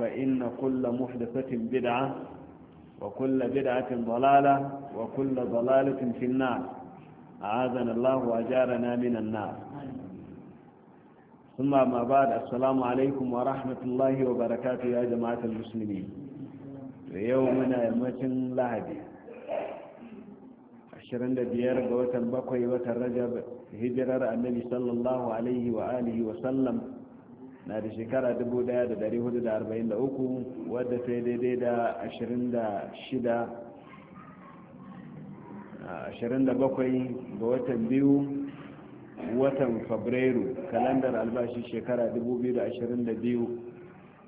فإن كل محدثة بدعة وكل بدعة ضلالة وكل ضلالة في النار أعاذنا الله وأجارنا من النار ثم ما بعد السلام عليكم ورحمة الله وبركاته يا جماعة المسلمين ويومنا يمتن لهدي ashirin da biyar ga watan bakwai watan rajab hijirar annabi sallallahu وآله وسلم na da shekara 1443 wadda ta yi daidai da 27 ga watan biyu watan fabrairu kalandar albashi shekara 2022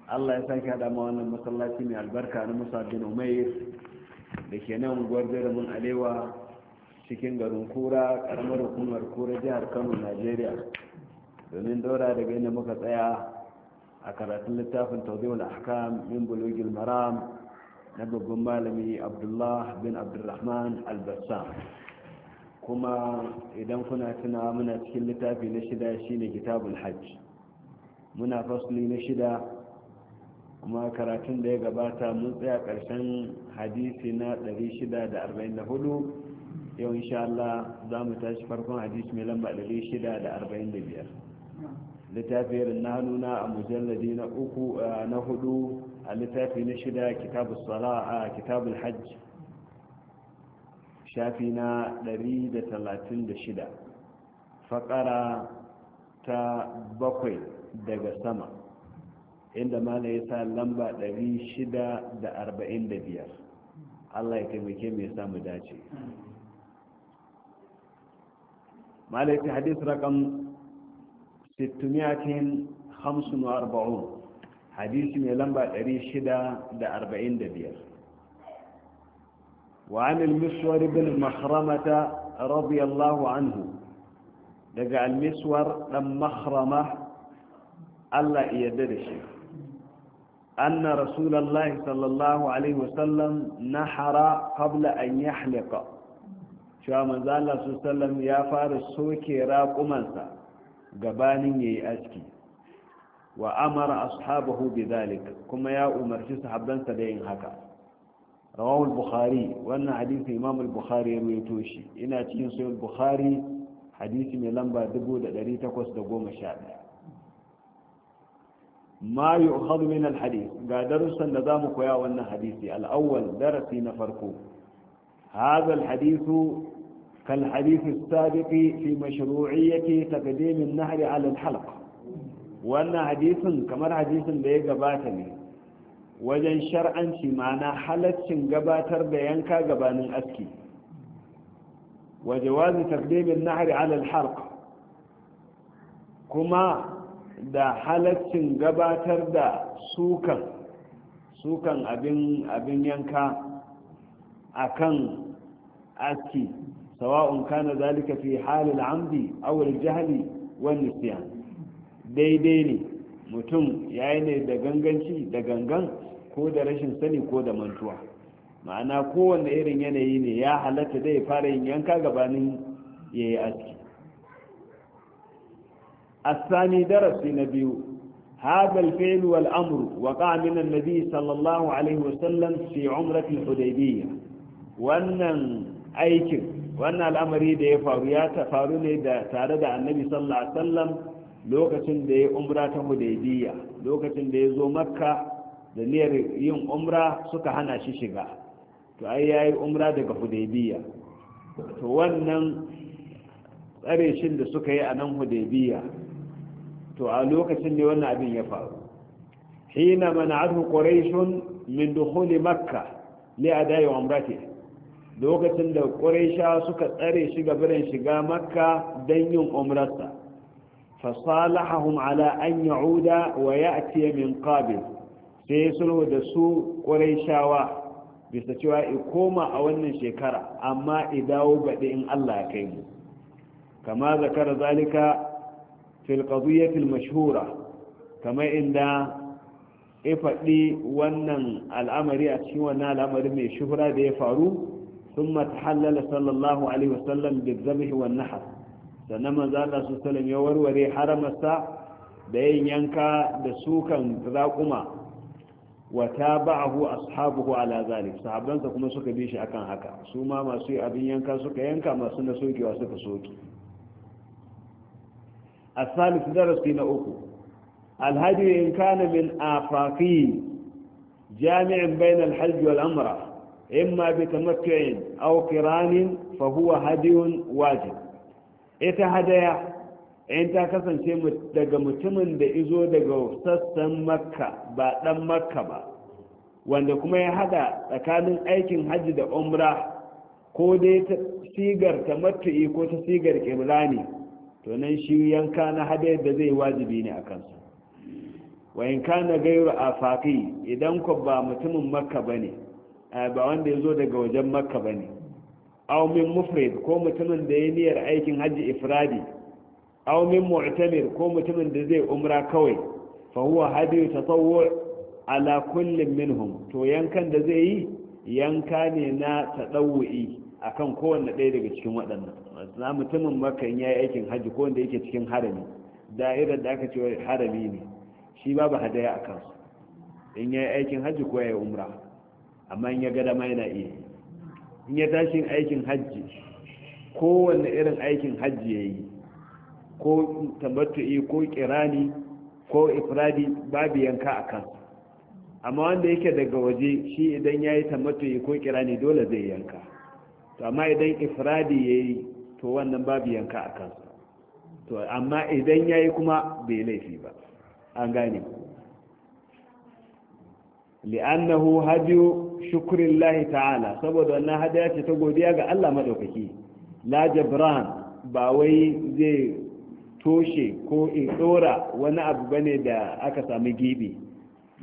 allah ya sake hada ma wannan masallaci mai albarka na musa bin umair da ke nan gwarzarumin alewa cikin garin kura karamar hukumar kura jihar kano nigeria domin daura daga inda muka tsaya a karatun littafin tawdihul ahkam min bulogin maram na babban malami abdullah bin abdurrahman albassam kuma idan kuna tuna muna cikin littafi na shida shine kitabul hajj muna fasli na shida kuma karatun da ya gabata mun tsaya karshen hadisi na 644 yau insha Allah za mu tashi farkon hadisi mai lamba 645 littafiyar irin na nuna, a mujalladi na uku na hudu a littafi na shida kitabu sala a kitabul hajj shafi na 136 faƙara ta bakwai daga sama inda mala ya sa lamba 645 allah ya taimake mai samu dace mala ya ce hadis rakam 645 hadisi mai lamba 645 wa anil miswar bin mahramata radiyallahu anhu daga al miswar dan mahrama Allah iyadda da shi anna rasulullahi sallallahu alaihi wasallam nahara qabla an yahliqa shi amma zalla sallallahu ya fara soke raƙumansa. gabanin yayi aski wa amara ashabahu bidhalik kuma ya umarci sahabbansa da yin haka rawahu al-bukhari wannan hadisi imam al-bukhari ya rawaito shi ina cikin sahih al-bukhari hadisi mai lamba 1811 ma yu'khadhu min al-hadith ga darussan da zamu koya wannan hadisi al-awwal darasi na farko hadha al-hadithu كالحديث السابق في مشروعية تقديم النهر على الحلق وأن حديث كما حديث gabata قباتني wajen shar'anci mana halaccin gabatar da yanka gabanin aski wa jawazi taqdimin nahri ala al kuma da halaccin gabatar da sukan abin yanka akan aski سواء كان ذلك في حال العمد أو الجهل والنسيان ديديني متم ganganci da دغنغن ko da rashin sani ko da mantuwa ma'ana kowanne irin yanayi ne ya halatta zai fara yin yanka ga banin yayi aski asani darasi na biyu hagal fe'lu wal amru wa qaminan nabi sallallahu alaihi wasallam fi umratul hudaybiyya wannan aikin wannan al'amari da ya faru ya ta faru ne da tare da annabi sallallahu alaihi wasallam lokacin da ya umra ta hudaybiya lokacin da ya zo makka da niyyar yin umra suka hana shi shiga to ai yayi umra daga hudaybiya to wannan tsare shin da suka yi a nan hudaybiya to a lokacin ne wannan abin ya faru hina man'atu quraish min dukhuli makka li ada'i umratihi lokacin da ƙuraisha suka tsare shi gabarin shiga makka don yin umrarsa fasalahahum ala an ya'uda wa ya'tiya min qabil sai sulhu da su ƙuraishawa bisa cewa i koma a wannan shekara amma i dawo baɗi in Allah ya kai mu kama zakara zalika fil qadiyyati mashhura kamar inda ya faɗi wannan al'amari a cikin wannan al'amari mai shuhura da ya faru ثم تحلل صلى الله عليه وسلم بالذبح والنحر سنما زال صلى الله عليه وسلم حرم الساعة بين ينكا دسوكا تذاكما وتابعه أصحابه على ذلك صحابان تكما سوك بيش أكان هكا سوما ما سوي أبين ينكا سوك ينكا ما سنة سوكي وسوك سوكي الثالث درس فينا أكو الهدي إن كان من آفاقي جامع بين الحج والأمره إما بتمتع أو قران فهو هدي واجب إذا هدايا in ta kasance daga mutumin da izo daga sassan makka ba dan makka ba wanda kuma ya hada tsakanin aikin hajji da umra ko dai ta sigar ta matu'i ko ta sigar kibla ne to shi yanka na hadayar da zai wajibi ne a kansa wa in kana gairu afaqi idan ko ba mutumin makka bane ba wanda ya zo daga wajen makka ba ne aumin mufrid ko mutumin da ya niyyar aikin hajji ifradi aumin mu'tamir ko mutumin da zai umra kawai fa huwa ta tatawwu ala kullin minhum to yankan da zai yi yanka ne na a akan kowanne ɗaya daga cikin waɗannan na mutumin makka in yayi aikin hajji ko wanda yake cikin harami da'irar da aka cewa harami ne shi babu hadaya akan in yayi aikin hajji ko yayi umra amma in ya ga dama yana iya in ya tashi aikin hajji kowanne irin aikin hajji ya yi ko yi ko kirani ko ifradi babu yanka a kan amma wanda yake daga waje shi idan ya yi ko kirani dole zai yanka to amma idan ifradi ya yi to wannan babu yanka a kan to amma idan ya yi kuma bai laifi ba an gane li'annahu hadiyu lahi ta'ala saboda wannan hadaya ce ta godiya ga Allah maɗaukaki. la jabran ba wai zai toshe ko in dora wani abu bane da aka sami gibi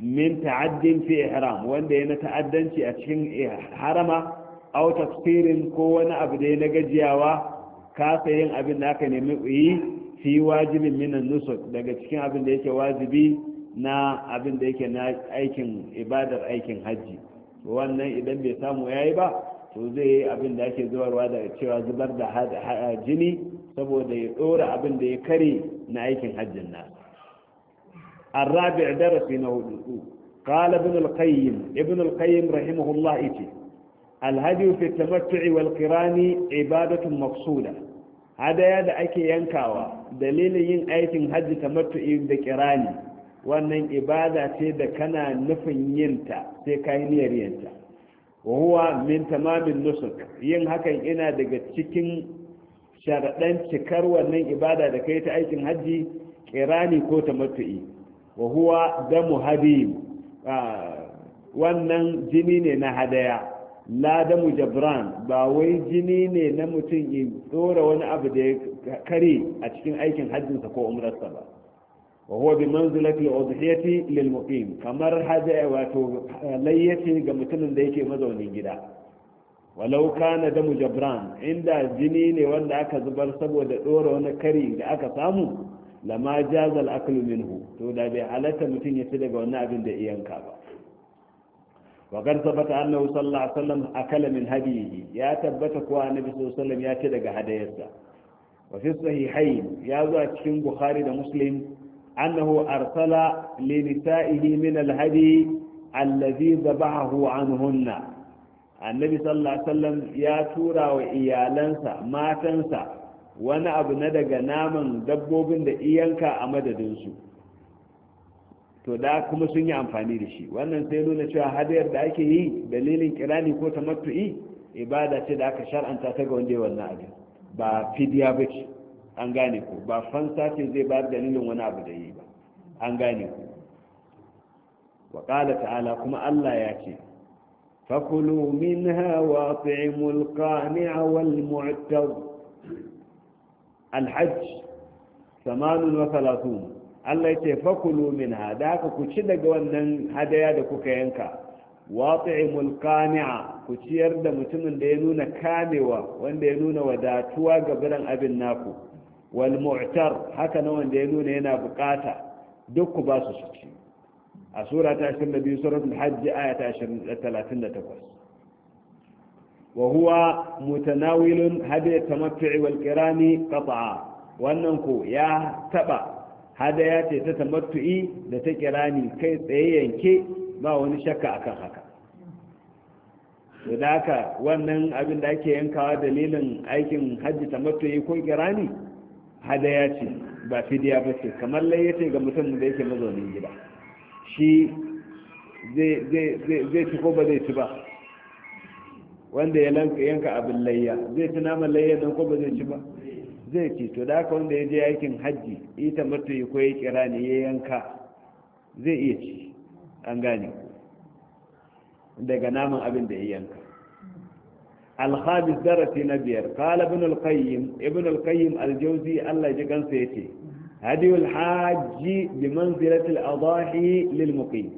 min ta'addin fi ihram wanda yana ta'addanci a cikin harama aw tafsirin ko wani abu da yana gajiyawa kasa yin abin da aka nemi yi fi wajibin minan nusuk daga cikin abin da yake wajibi na abin da yake na aikin ibadar aikin hajji wannan idan bai samu ya ba to zai yi abinda da ake zuwa da cewa zubar da jini saboda ya tsora abinda ya kare na aikin hajjin na arabi'a darasi fi na hudu su kala bin alkayyim ibn alkayyim rahimahullah ita alhaji fi tabbatu'i walkirani ibadatun maksuda hadaya da ake yankawa dalilin yin aikin hajji tabbatu'i da kirani wannan ibada ce da kana nufin yinta sai ka yi niyyar yinta wa huwa min tamamin nusuk yin hakan ina daga cikin sharaɗan cikar wannan ibada da kai ta aikin hajji kirani ko ta wa huwa damu hadim ah, wannan jini ne na hadaya la damu jabran ba wai jini ne na mutum in tsora wani abu da ya kare a cikin aikin hajjinsa ko umrarsa ba wa huwa bi manzilati al-udhiyati kamar haja wato layyace ga mutumin da yake mazaunin gida walau kana da mujabran inda jini ne wanda aka zubar saboda dora wani kari da aka samu lama jazal aklu to da bai halarta mutum ya ci daga wannan abin da iyanka ba وقد ثبت أنه صلى الله عليه وسلم أكل ya هديه يا تبتك النبي صلى الله عليه وسلم يا تدق هديسة وفي الصحيحين يا ذات شن بخاري أنه arsala لنسائه من الهدي الذي allazi عنهن النبي annabi الله عليه وسلم ya tura wa iyalansa matansa wani abu na daga naman dabbobin da iyanka a madadinsu to da kuma sun yi amfani da shi wannan sai nuna cewa hadayar da ake yi dalilin kirani ko tamattu'i ibada ce da aka shar'anta ta ga wanda wannan abin ba fidiya ba ce an gane ku ba fansa ce zai ba dalilin wani abu da yi ba an gane ku wa ƙala ta'ala kuma Allah ya ce fakulu minha wa at'imul qani'a wal mu'tab al-hajj 38 Allah ce fakulu minha da haka ku ci daga wannan hadaya da kuka yanka wati'imul qani'a ku ciyar da mutumin da ya nuna kamewa wanda ya nuna wadatuwa ga biran abin naku wal mu'tar haka na wanda ya nuna yana bukata duk ku ba su ci a sura ta 22 suratul hajj ayata 38 wa huwa mutanawilun hadiya tamattu'i wal qirani qata'a wannan ku ya taba hadaya ce ta tamattu'i da ta kirani kai tsaye yanke ba wani shakka akan haka da haka wannan abin da ake yankawa dalilin aikin hajji tamattu'i ko kirani hadaya ce ba fidiya ba ce kamar layya ce ga mutum da yake mazaunin gida shi zai ci ko ba zai ci ba wanda ya yanka abin layya zai ci naman layya nan ko ba zai ci ba zai ci to da haka wanda ya je aikin hajji ita mutu ko ya kira ne ya yanka zai iya ci an gane daga naman abin da ya yanka الخامس درس نبير قال ابن القيم ابن القيم الجوزي الله يجكن سيتي هدي الحاج بمنزلة الأضاحي للمقيم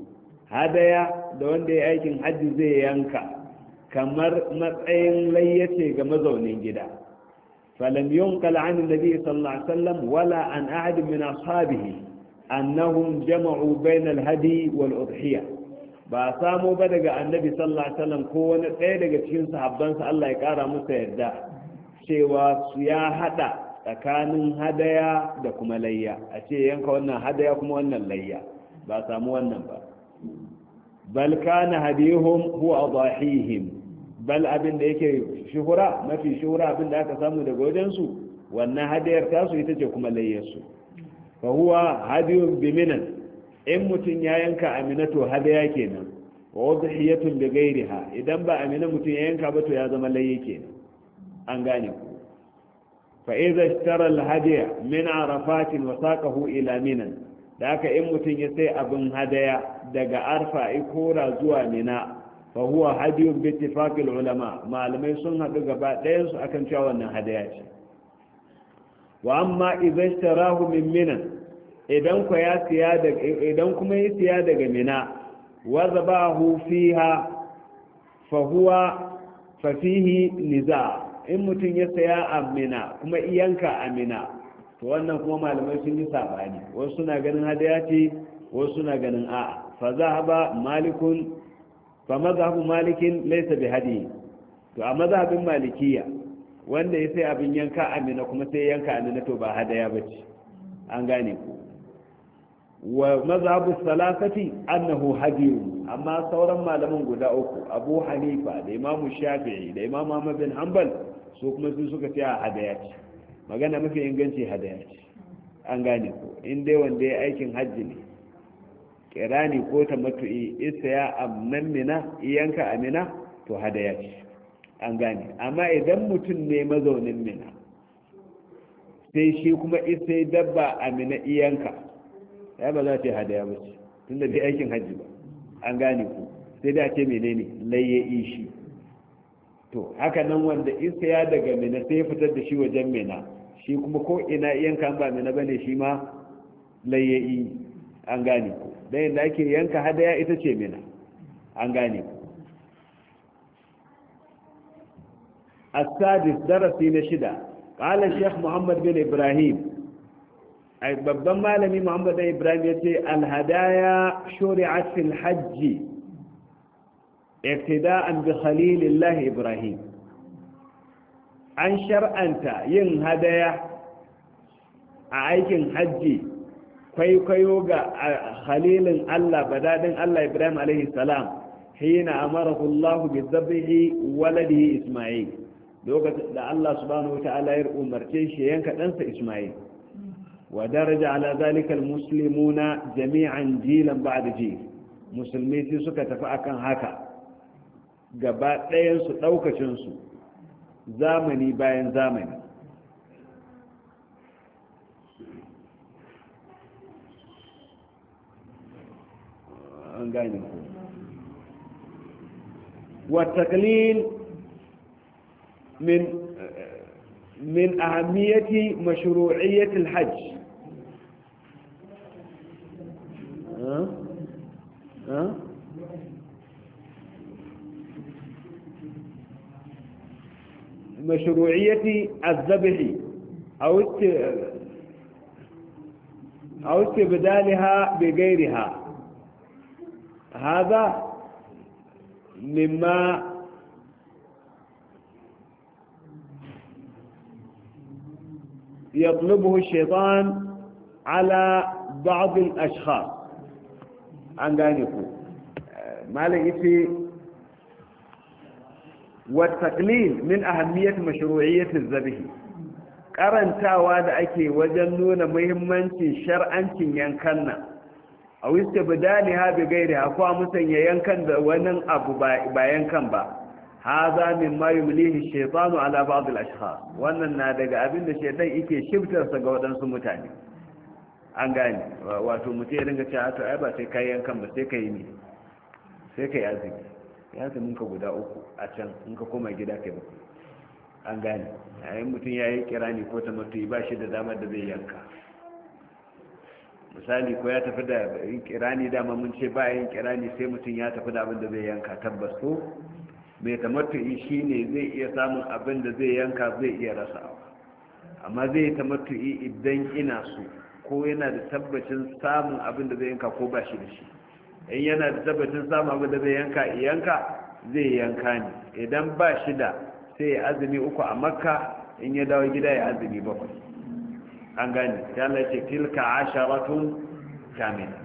هذا يا دون دي أيكن حج زي ينكا كمر مطعين ليتي كمزون جدا فلم ينقل عن النبي صلى الله عليه وسلم ولا عن أحد من أصحابه أنهم جمعوا بين الهدي والأضحية ba samo ba daga annabi sallallahu alaihi wasallam ko wani ɗaya daga cikin sahabbansa Allah ya ƙara musu yarda cewa su ya haɗa tsakanin hadaya da kuma layya a ce yanka wannan hadaya kuma wannan layya ba samu wannan ba bal kana hadihum huwa adahihim bal abin da yake shuhura mafi shuhura abin da aka samu daga wajensu wannan hadayar tasu ita ce kuma layyarsu fa huwa hadiyun biminan in mutum ya yanka amina to hadaya kenan wa wadhiyatun bi ghayriha idan ba amina mutum ya yanka ba to ya zama layi kenan an gane ku fa idza ishtara al hadiya min arafat wa saqahu ila minan da haka in mutum ya sai abin hadaya daga arfa ikora zuwa mina huwa hadiyun bi ittifaqil ulama malamai sun hadu gaba دين su akan cewa wannan hadaya ce wa amma idza ishtarahu min minan idan ku ya siya idan kuma ya siya daga mina wa zabahu fiha fa huwa fa fihi niza in mutum ya saya a mina kuma iyanka a mina to wannan kuma malamai sun yi sabani wasu suna ganin hadaya ce wasu suna ganin a'a fa zahaba malikun fa mazhabu malikin laysa bi hadi to a mazhabin malikiya wanda ya sai abin yanka amina kuma sai yanka amina to ba hadaya bace an gane ku wa mazhabu salasati annahu hadiyun amma sauran malaman guda uku abu hanifa da imamu shafi'i da imamu ahmad bin hanbal su kuma sun suka ce a hadaya ce magana mafi inganci hadaya ce an gane ko in dai wanda ya aikin hajji ne kirani ko ta matu'i isa ya amnan mina iyanka amina to hadaya ce an gane amma idan mutum ne mazaunin mina sai shi kuma isa dabba amina iyanka ya ba za ta yi hadaya ba ce tun da bai aikin hajji ba an gane ku sai da ce menene laye ishi to haka nan wanda iska ya daga mina sai ya fitar da shi wajen mina shi kuma ko ina yanka ba mina bane shi ma laye yi an gane ku dan yadda ake yanka hadaya ita ce mina an gane ku السادس درسي نشدة قال الشيخ محمد بن إبراهيم babban malami muhammad ibrahim ya ce alhadaya shuri'at fil hajji iktida'an bi khalilillah ibrahim an shar'anta yin hadaya a aikin hajji kwaikwayo ga khalilin Allah badadin Allah Ibrahim alaihi salam hina amarahu Allah bi dhabhi waladihi Isma'il lokacin da Allah subhanahu wataala ya umarce shi yanka ɗansa Isma'il ودرج على ذلك المسلمون جميعا جيلا بعد جيل مسلمين سكة فأكا هكا قبات ينسو توكا شنسو زامني باين زامني والتقليل من من أهمية مشروعية الحج ها ها مشروعية الذبح أو أو استبدالها بغيرها هذا مما يطلبه الشيطان على بعض الأشخاص an gane ku malam yace wa taqlil min ahammiyat mashru'iyyat az karantawa da ake wajen nuna muhimmancin shar'ancin yankan nan a wista bidani ha bi gairi ha kwa musanya yankan da wani abu ba yankan ba haza min ma yumlihi shaytanu ala ba'd al-ashkhas wannan na daga abinda da shaytan yake shibtarsa ga wadansu mutane an gane wato mutum ya ringa cewa to ai ba sai kayan kan ba sai kai ne sai kai azumi mun ka guda uku a can in ka koma gida kai bakwai an gane yayin mutum ya yi kirani ko tamattu ba shi da damar da zai yanka misali ko ya tafi da yin kirani dama mun ce ba yin kirani sai mutum ya tafi da abin da zai yanka tabbas ko mai tamattu shi ne zai iya samun abin da zai yanka zai iya rasawa amma zai tamattu idan ina so ko yana da tabbacin samun abin da zai yanka ko ba shi da shi in yana da tabbacin samun abin da zai yanka yanka zai yanka ne idan ba shi da sai ya azumi uku a makka in ya dawo gida ya azumi bakwai an gane ta lace tilka asharatun kamila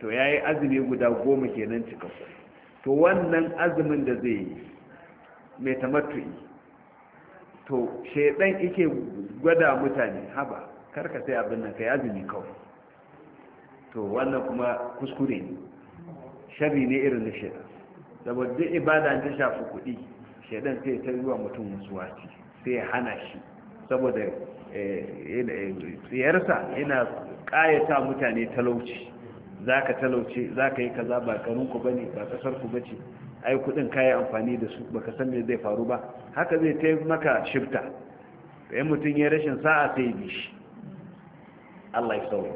to ya yi azumi guda goma kenan cikakku to wannan azumin da zai yi mai tamattu'i to shaidan ike gwada mutane haba karka sai abin nan ka yi azumi kawai to wannan kuma kuskure ne shari ne irin na shaidan saboda duk ibada ta shafi kuɗi shaidan sai ta yi wa mutum wasuwaci sai ya hana shi saboda eh, eh, tsayarsa yana ƙayata mutane talauci za ka talauce za ka yi kaza ba garinku ba ne ba ƙasarku ba ce ai kuɗin yi amfani da su baka san me zai faru ba haka zai taimaka maka shifta ɗayan mutum ya rashin sa'a sai bi shi Allah ya sauke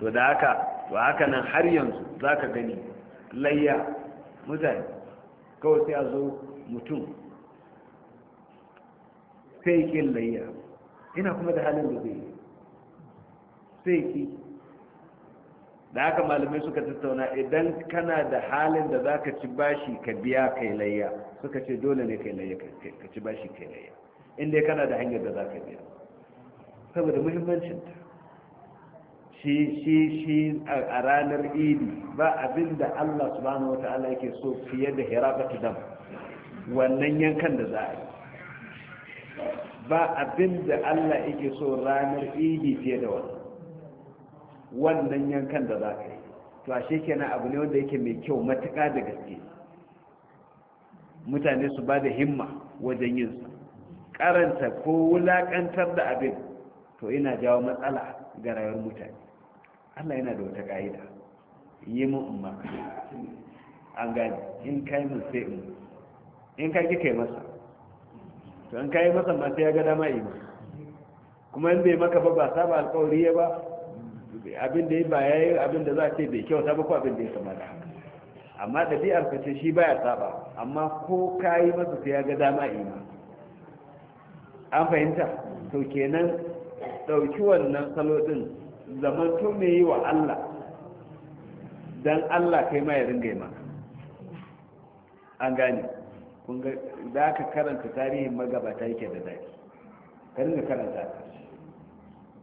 to da haka to haka nan har yanzu zaka gani layya mutane kawai sai a zo mutum sai ki layya ina kuma da halin da zai sai ki da haka malamai suka tattauna idan kana da halin da za ka ci bashi ka biya kai layya suka ce dole ne kai layya ka ci bashi kai layya inda kana da hanyar da za ka biya saboda muhimmancinta shi shi shi a ranar idi ba abin da Allah subhanahu wa ta'ala yake so fiye da hirabatu dam wannan yankan da za a yi ba abin da Allah yake so ranar idi fiye da wannan wannan yankan da za a yi to a shekena abu ne wanda yake mai kyau matuƙa da gaske mutane su ba da himma wajen yinsa karanta ko wulaƙantar da abin to ina jawo matsala ga rayuwar mutane Allah yana da wata ƙa'ida. yi mun umma an gani in kai mun sai in in ka ki kai masa to in kai masa ma sai ya ga dama yi kuma in bai maka ba ba saba alƙawari ya ba abin da ya ba yayi abin da za a ce bai kyauta ba ko abin da ya kamata amma da bi an ce shi baya saba amma ko ka yi masa sai ya ga dama yi ma an fahimta to kenan ɗauki wannan salo ɗin tun mai yi wa Allah don Allah kai ma ya ringa yi maka an gane da aka karanta tarihin magabata yake da zaki ka ringa karanta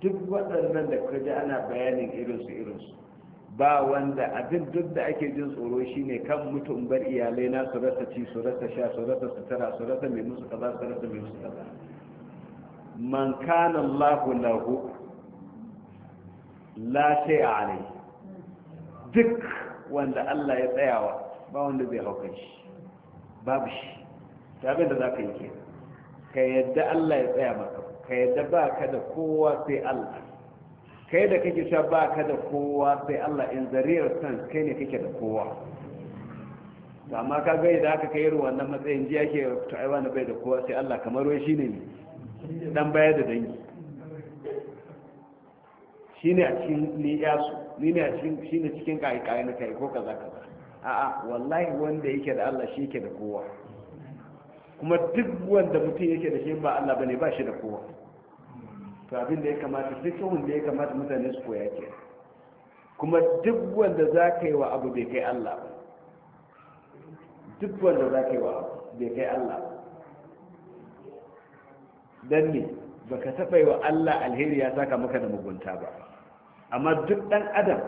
duk waɗannan da kaji ana bayanin irinsu irinsu ba wanda abin duk da ake jin tsoro shine kan mutum bar iyalai na su rasa ci su rasa sha su rasa sutura su rasa mai musu kaza su rasa mai musu kaza man kana lahu lahu la a alayhi duk wanda Allah ya tsayawa ba wanda zai hauka shi babu shi tabi da ka yi ke, ka yadda Allah ya tsaya maka ka yadda ba ka da kowa sai Allah kai da kake sha ba ka da kowa sai Allah in zariyar san kai ne kake da kowa amma ka gani da aka kai ruwan nan matsayin ji yake to ai wani bai da kowa sai Allah kamar wai ne ne dan bayar da dangi shine a cikin liyasu ni ne a cikin shine cikin kai na kai ko kaza kaza a'a wallahi wanda yake da Allah shi yake da kowa kuma duk wanda mutum yake da shi ba Allah bane ba shi da kowa to abin da ya kamata duk da ya kamata mutane su koya ke kuma duk wanda za ka yi wa abu bai kai Allah ba duk wanda za ka yi wa abu bai kai Allah ba dan ne baka taɓa yi wa Allah alheri ya saka maka da mugunta ba amma duk ɗan adam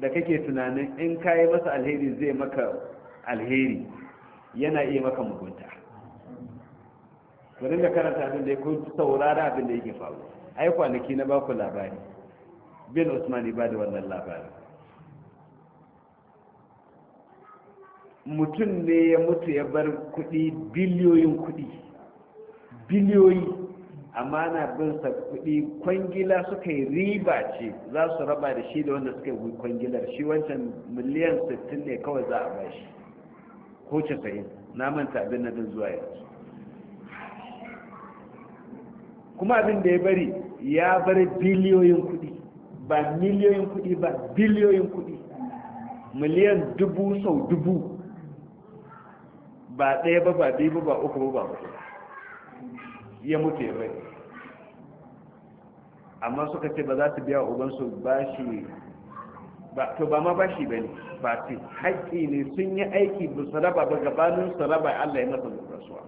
da kake tunanin in ka yi masa alheri zai maka alheri yana iya maka mugunta ku dinga karanta abin da ya kun saurara abin da yake faru ai kwanaki na baku labari bin usmani ba da wannan labari mutum ne ya mutu ya bar kuɗi biliyoyin kuɗi biliyoyi amma na bin sa kuɗi kwangila suka yi riba ce za su raba da shi da wanda suka yi kwangilar shi wancan miliyan 60 ne kawai za a ba shi ko 90 na manta abin na bin zuwa yanzu kuma abin da ya bari ya bar biliyoyin kuɗi ba miliyoyin kuɗi ba biliyoyin kuɗi miliyan dubu sau dubu ba ɗaya ba ba biyu ba uku ba ba ya mutu ya bai amma suka ce ba za su biya ubansu bashi ba to ba ma bashi ba ne ba ce haƙƙi ne sun yi aiki ba su raba ba gabanin su raba allah ya masa rasuwa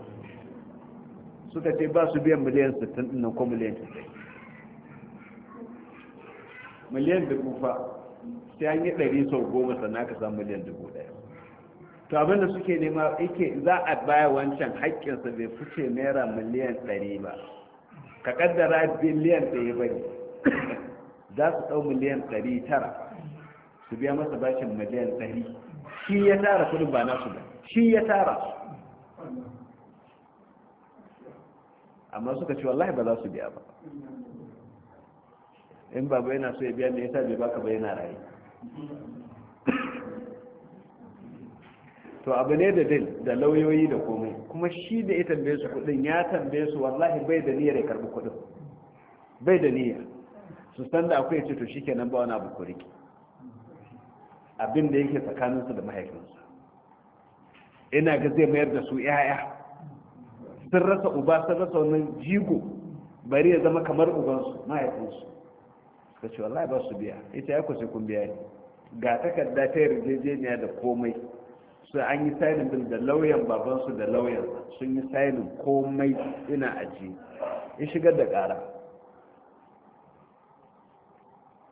suka ce ba su biyan miliyan 60 ɗin ko miliyan 90 miliyan dubu fa sai an yi 100 sau goma sannan aka samu miliyan 100 to abinda suke nema yake za a baya wancan haƙƙinsa bai fice naira miliyan ɗari ba ka ƙaddara biliyan ɗaya ba ne za su ɗau miliyan ɗari tara su biya masa bashin miliyan ɗari shi ya tara kudin ba nasu ba shi ya tara amma suka ce wallahi ba za su biya ba in baba yana so ya biya me yasa bai baka ba yana rayu to abu ne da dil da lauyoyi da komai kuma shi da ya tambaye su kudin ya tambaye su wallahi bai da niyyar ya karbi kudin bai da niyya su san da akwai ce to shikenan ba wani abu ku riki abin da yake tsakaninsu da mahaifinsu ina ga zai mayar da su yaya sun rasa uba sun rasa wani jigo bari ya zama kamar ubansu mahaifinsu ka ce wallahi ba su biya ita ya kusa kun biya ne ga takarda ta yarjejeniya da komai su an yi sailin din da lauyan babansu da lauyan sun yi sailin komai ina aji in shigar da kara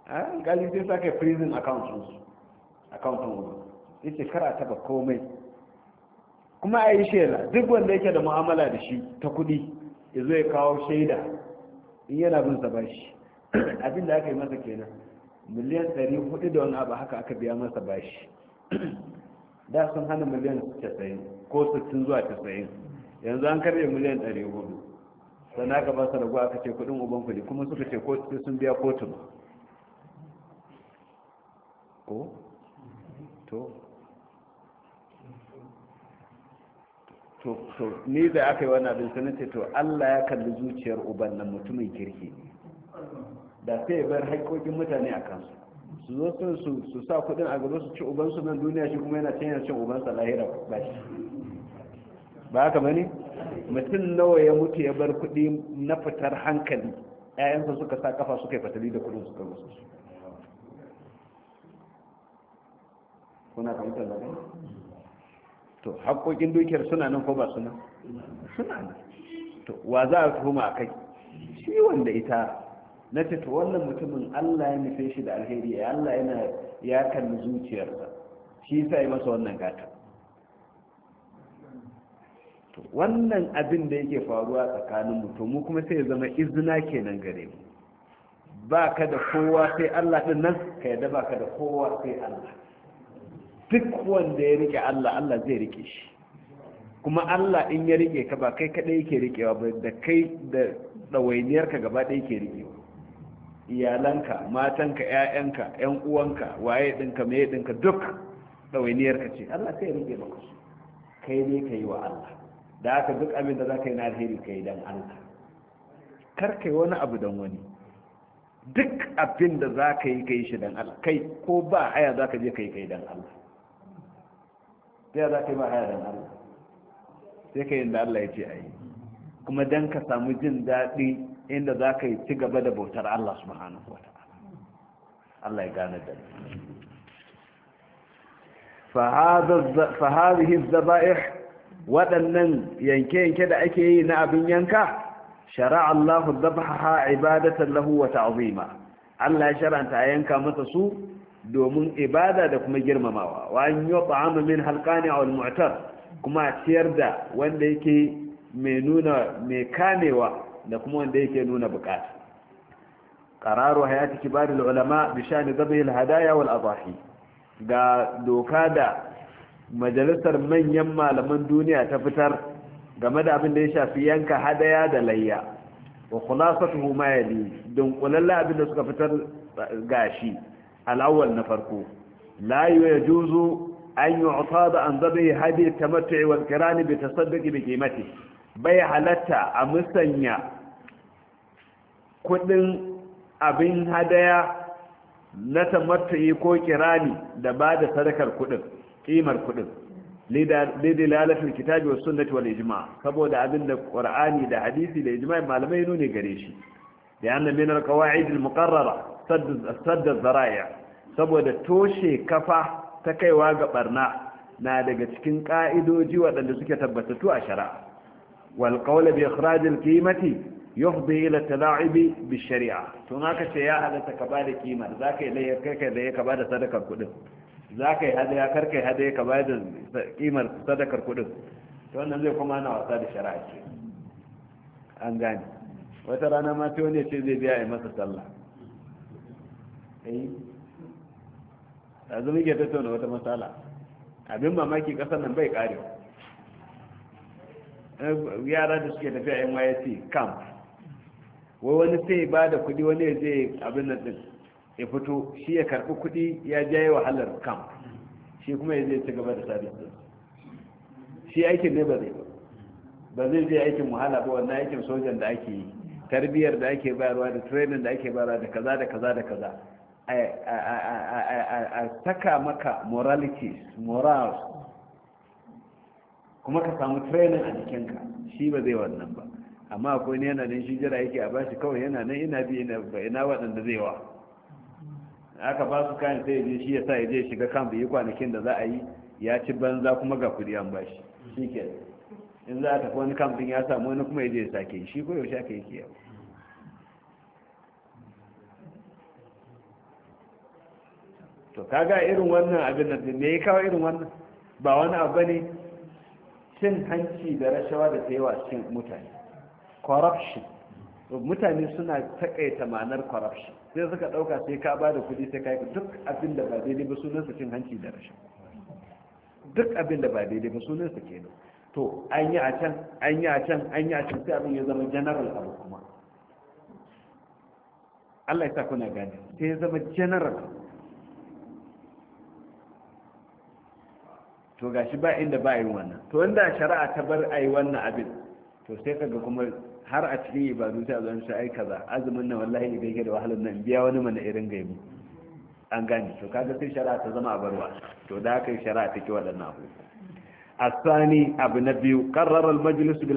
an gali sai sa kai prison account su account su yace kar a taba komai kuma a yi shela duk wanda yake da mu'amala da shi ta kuɗi ya zo ya kawo shaida in yana bin sa bashi abin da aka yi masa kenan miliyan 400 da wani abu haka aka biya masa bashi da sun hana miliyan 90 ko 60 zuwa 90 yanzu an karbe miliyan 400 sannan aka ba su ragu aka ce kudin uban kudi kuma suka ce ko sun biya kotu ba ko to to to ni da aka yi wannan abin sanin ce to Allah ya kalli zuciyar uban nan mutumin kirki da sai ya bar haƙoƙin mutane a kansu su zo sun su sa kudin a gaba su ci ubansu nan duniya shi kuma yana cin cin ubansa lahira ba shi ba haka bane mutum nawa ya mutu ya bar kudi na fitar hankali ƴaƴansa suka sa kafa suka yi fatali da kudin suka rusu kuna fahimtar da to haƙoƙin dukiyar suna nan ko ba suna suna nan to wa za a tuhuma a kai shi wanda ita na tafi wannan mutumin Allah ya nufe shi da alheri ya Allah yana ya kalli zuciyarsa shi sa yi masa wannan gata wannan abin da yake faruwa tsakanin mutum mu kuma sai ya zama izina kenan gare mu ba ka da kowa sai Allah din nan ka yadda ba ka da kowa sai Allah duk wanda ya rike Allah Allah zai rike shi kuma Allah in ya rike ka ba kai kadai yake rikewa ba da kai da ka gaba ɗaya ke rikewa iyalanka matanka ƴaƴanka ƴan uwanka waye dinka meye dinka duk dawainiyar ka ce Allah sai ya rike maka su kai ne ka yi wa Allah da haka duk abin da za yi na alheri ka yi don Allah kar ka yi wani abu don wani duk abin da za ka yi ka yi shi don Allah kai ko ba haya za ka je ka yi ka yi don Allah sai za ka yi ba haya don Allah sai ka yi da Allah ya ce a yi kuma dan ka samu jin daɗi inda za ka yi ci gaba da bautar Allah subhanahu wata'ala Allah ya gane da fa zabaih waɗannan yanke-yanke da ake yi na abin yanka shara'a Allah dhabaha ibadatan lahu wa ta'zima Allah ya sharanta yanka masa su domin ibada da kuma girmamawa wa an yut'amu min halkani a wani mu'atar kuma ciyar da wanda yake mai nuna mai kamewa da kuma wanda yake nuna bukata qararu hayati kibarul ulama bi sha'n dhabhi al hadaya wal adahi ga doka da majalisar manyan malaman duniya ta fitar game da abin da ya shafi yanka hadaya da layya wa khulasatuhu ma yali don kullalla abin da suka fitar gashi al-awwal na farko la yajuzu an yu'tada an dabi hadi tamattu wal qiran bi tasadduq bi qimatihi bai halatta a musanya kudin abin hadaya na tamattayi ko kirani da ba da sadakar kudin kimar kudin lalafin kitabi was sunnati wal ijma saboda abin da qur'ani da hadisi da ijma malamai nune gare shi da annan min al qawaid al muqarrara sadd al saboda toshe kafa ta kaiwa ga ɓarna, na daga cikin ƙa'idoji waɗanda suke tabbatattu a shari'a والقول بإخراج الكيمة يفضي إلى التلاعب بالشريعة هناك شيء هذا تكبار الكيمة ذاك إليه كيكا ذاك كبار صدق القدس ذاك هذا يكرك هذا كبار الكيمة صدق القدس تقول نزل كما أنا وصاد الشرائع وترى أنا ما توني شيء بيا ما تصلى أي هذا ميجي تتون وتمسالة أبين ما ماكي قصة بيك أريه yara da suke tafiya nysc camp wai wani sai ba da kudi wani ya je abin nan din ya fito shi ya karbi kudi ya jaye wahalar camp shi kuma ya je ci gaba da sabis din shi aikin ne ba zai ba ba zai je aikin wahala ba wannan aikin sojan da ake yi tarbiyyar da ake bayarwa da training da ake bayarwa da kaza da kaza da kaza a saka maka moralities morals kuma ka samu training a jikinka shi ba zai wannan ba amma akwai ne yana nan shi jira yake a bashi kawai yana nan ina bi ina ba ina waɗanda zai wa aka ba su kayan sai je shi ya sa ya je shiga kan yi kwanakin da za a yi ya ci banza kuma ga kudi an bashi shi ke in za a tafi wani kamfin ya samu wani kuma ya je ya sake shi ko yaushe aka yi kiyar to kaga irin wannan abin da me ya kawo irin wannan ba wani abu ne cin hanci da rashawa da ta yi wa cikin mutane corruption mutane suna takaita ma'anar corruption sai suka dauka sai ka ba da kudi sai ka yi duk abin da ba daidai ba sunansa cin hanci da rashin duk abin da ba daidai ba sunansa nan to an yi a can an yi a can an yi a can sai abin ya zama general abu kuma Allah ya sa kuna gane sai ya zama general to gashi ba inda ba yi wannan to wanda shari'a ta bar a yi wannan abin to sai kaga kuma har a cikin ibadu ta zan shi ai kaza azumin na wallahi ne yake da wahalar nan biya wani mana irin gaibu an gane to kaga sai shari'a ta zama a barwa to da haka shari'a take waɗannan abu asani abu na biyu karrarar al-majlis bil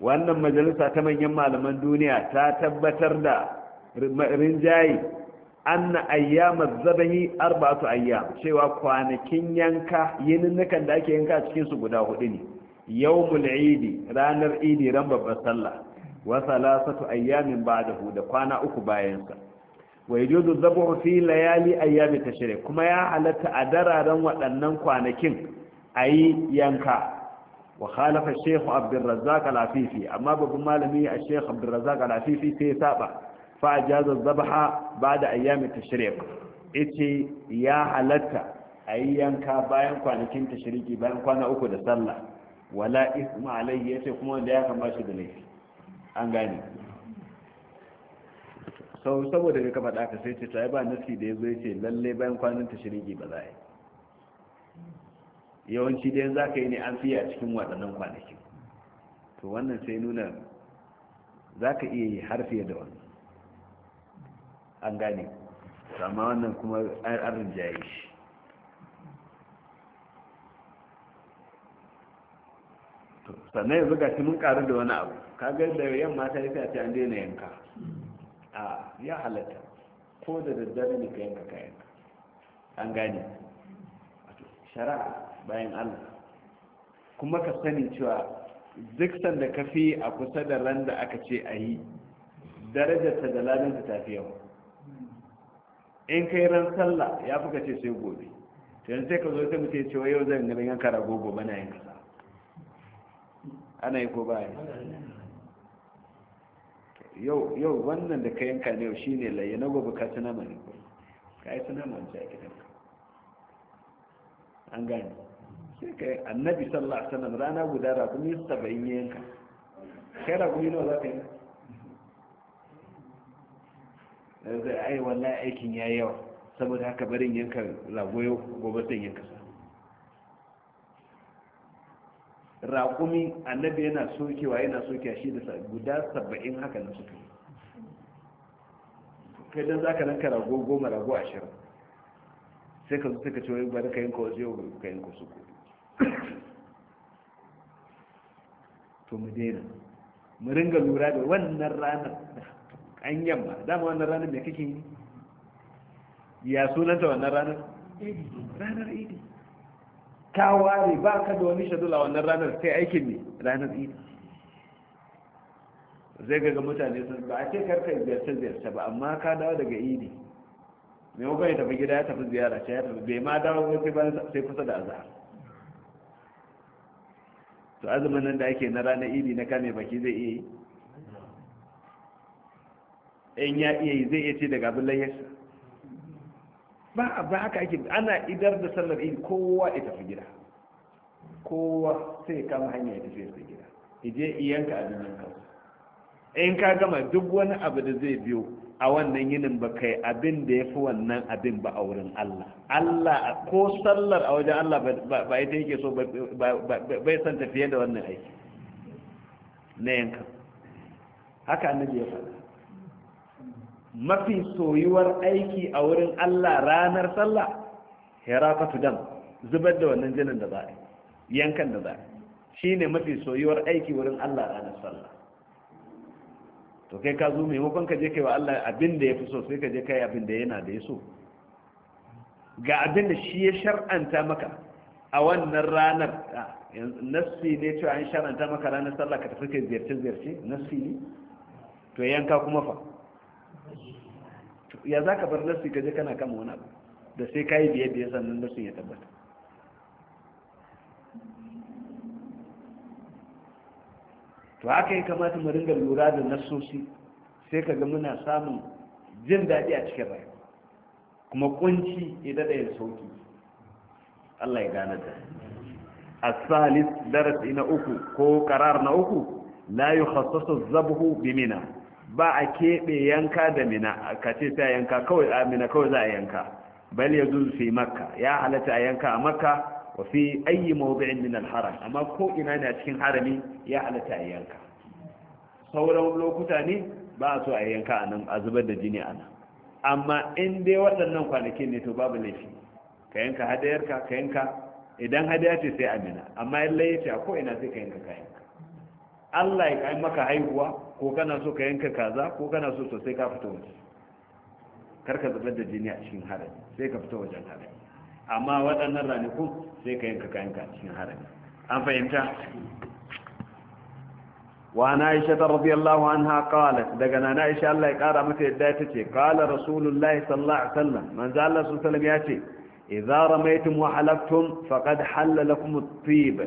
wannan majalisa ta manyan malaman duniya ta tabbatar da rinjaye anna ayyama zabahi arba'atu ayyam cewa kwanakin yanka yininnikan da ake yanka cikin su guda hudu ne yawmul idi ranar idi ran babbar sallah wa thalathatu ayyamin ba'dahu da kwana uku bayan sa wa yajuzu zabahu fi layali ayyami tashrik kuma ya halatta a dararan waɗannan kwanakin ayi yanka wa khalafa shaykh abdurrazzaq al-afifi amma babban malami a shaykh abdurrazzaq al-afifi sai saba fa ajaza zabaha ba'da ayyami tashriq yace ya halatta yi yanka bayan kwanakin tashriki bayan kwana uku da sallah wala isma alayhi yace kuma wanda ya kama shi da laifi an gane sau saboda ka faɗa ka sai ce ta ba nasi da ya zo ce lalle bayan kwanan tashriki ba za a yi yawanci dai za ka yi ne an fiye a cikin waɗannan kwanakin to wannan sai nuna za ka iya yi har fiye da wannan an gane amma wannan kuma an rinjaye shi sannan yanzu ga mun karu da wani abu kaga da yamma ta yi sai a ce an daina yanka a ya halatta ko da daddare ne ka yanka ka yanka an gane shari'a bayan allah kuma ka sani cewa duk sanda ka fi a kusa da ran da aka ce a yi darajarta da ladanta ta fi yawa in kai ran sallah ya fi ce sai gobe to yanzu sai ka zo sai mutum cewa yau zan ganin yanka rago gobe bana yin kasa ana yi ko ba yi yau wannan da ka yanka ne shi ne laye na gobe ka tuna mani ko ka yi mani a gidanka an gane sai ka yi annabi sallah sanar rana guda rakumi saba'in yanka kai rakumi nawa za ka yanka zai ai wallahi aikin ya yi yawa saboda haka barin yanka lagoyo gobe zan yanka sa raƙumi annabi yana sokewa yana sokewa shi da guda saba'in haka na suka yi kai don za ka ranka rago goma rago ashirin sai ka zuta ka ce wani bari ka yanka wasu yau ka yanka su ko to mu daina mu ringa lura da wannan ranar an yamma dama wannan ranar mai kake yi ya sunanta wannan ranar ranar idi ka ware ba ka da wani shadula wannan ranar sai aikin ne ranar idi zai gaga mutane sun ba a ce karkar ziyarce ziyarce ba amma ka dawo daga idi mai wakon ya tafi gida ya tafi ziyara ce ya tafi bai ma dawo sai kusa da azahar to azumin nan da ake na ranar idi na kame baki zai iya yi in ya iya yi zai iya ce daga abin layyarsa ba ba haka ake ana idar da sallar idi kowa ya tafi gida kowa sai ya kama hanya ya tafi ya gida ije iyanka a duniyar kansu in ka gama duk wani abu da zai biyo a wannan yinin ba kai abin da ya fi wannan abin ba a wurin Allah Allah ko sallar a wajen Allah ba ita yake so bai san tafiye da wannan aiki na yankan haka annabi ya faɗa mafi soyuwar aiki a wurin Allah ranar sallah hirafatu dam zubar da wannan jinin da za a yankan da za a shi ne mafi soyuwar aiki wurin Allah ranar sallah to kai ka zo maimakon ka je kai wa Allah abin da ya fi so sai ka je kai abin da yana da ya so ga abin da shi ya shar'anta maka a wannan ranar nassi ne cewa an shar'anta maka ranar sallah ka tafi kai ziyarce ziyarce nassi ne to yanka kuma fa ya za ka bar nasi ka je kana kama wani abu da sai ka yi biye biye sannan nasin ya tabbata to haka ya kamata mu ringa lura da nasosi sai ka ga muna samun jin daɗi a cikin rai kuma kunci idan da yin sauki Allah ya gane da uku ko إن na uku, قرار نأكو لا يخصص الزبه Bimina. ba a keɓe yanka da mina ka ce ta yanka kawai a mina kawai za a yanka bal ya zuzu fi makka ya halatta a yanka a makka wa fi ayi mawdu'in min al-haram amma ko ina ne a cikin harami ya halatta a yanka sauran lokuta ne ba a so a yanka a nan a zubar da jini a nan amma in dai waɗannan kwanakin ne to babu laifi ka yanka hadayarka ka yanka idan hadaya ce sai amina amma yalla ya ce a ko ina sai ka yanka ka yanka Allah ya kai maka haihuwa ko kana so ka yanka kaza ko kana so to sai ka fita waje karka zubar da jini a cikin harami sai ka fita wajen harami amma waɗannan ranakun sai ka yanka kayanka a cikin harami an fahimta wa na aisha ta radiyallahu anha qalat daga na aisha Allah ya kara mata yadda ta ce qala rasulullahi sallallahu alaihi wasallam manzo Allah sallallahu ya ce idza ramaytum wa halaktum faqad halala lakum at-tib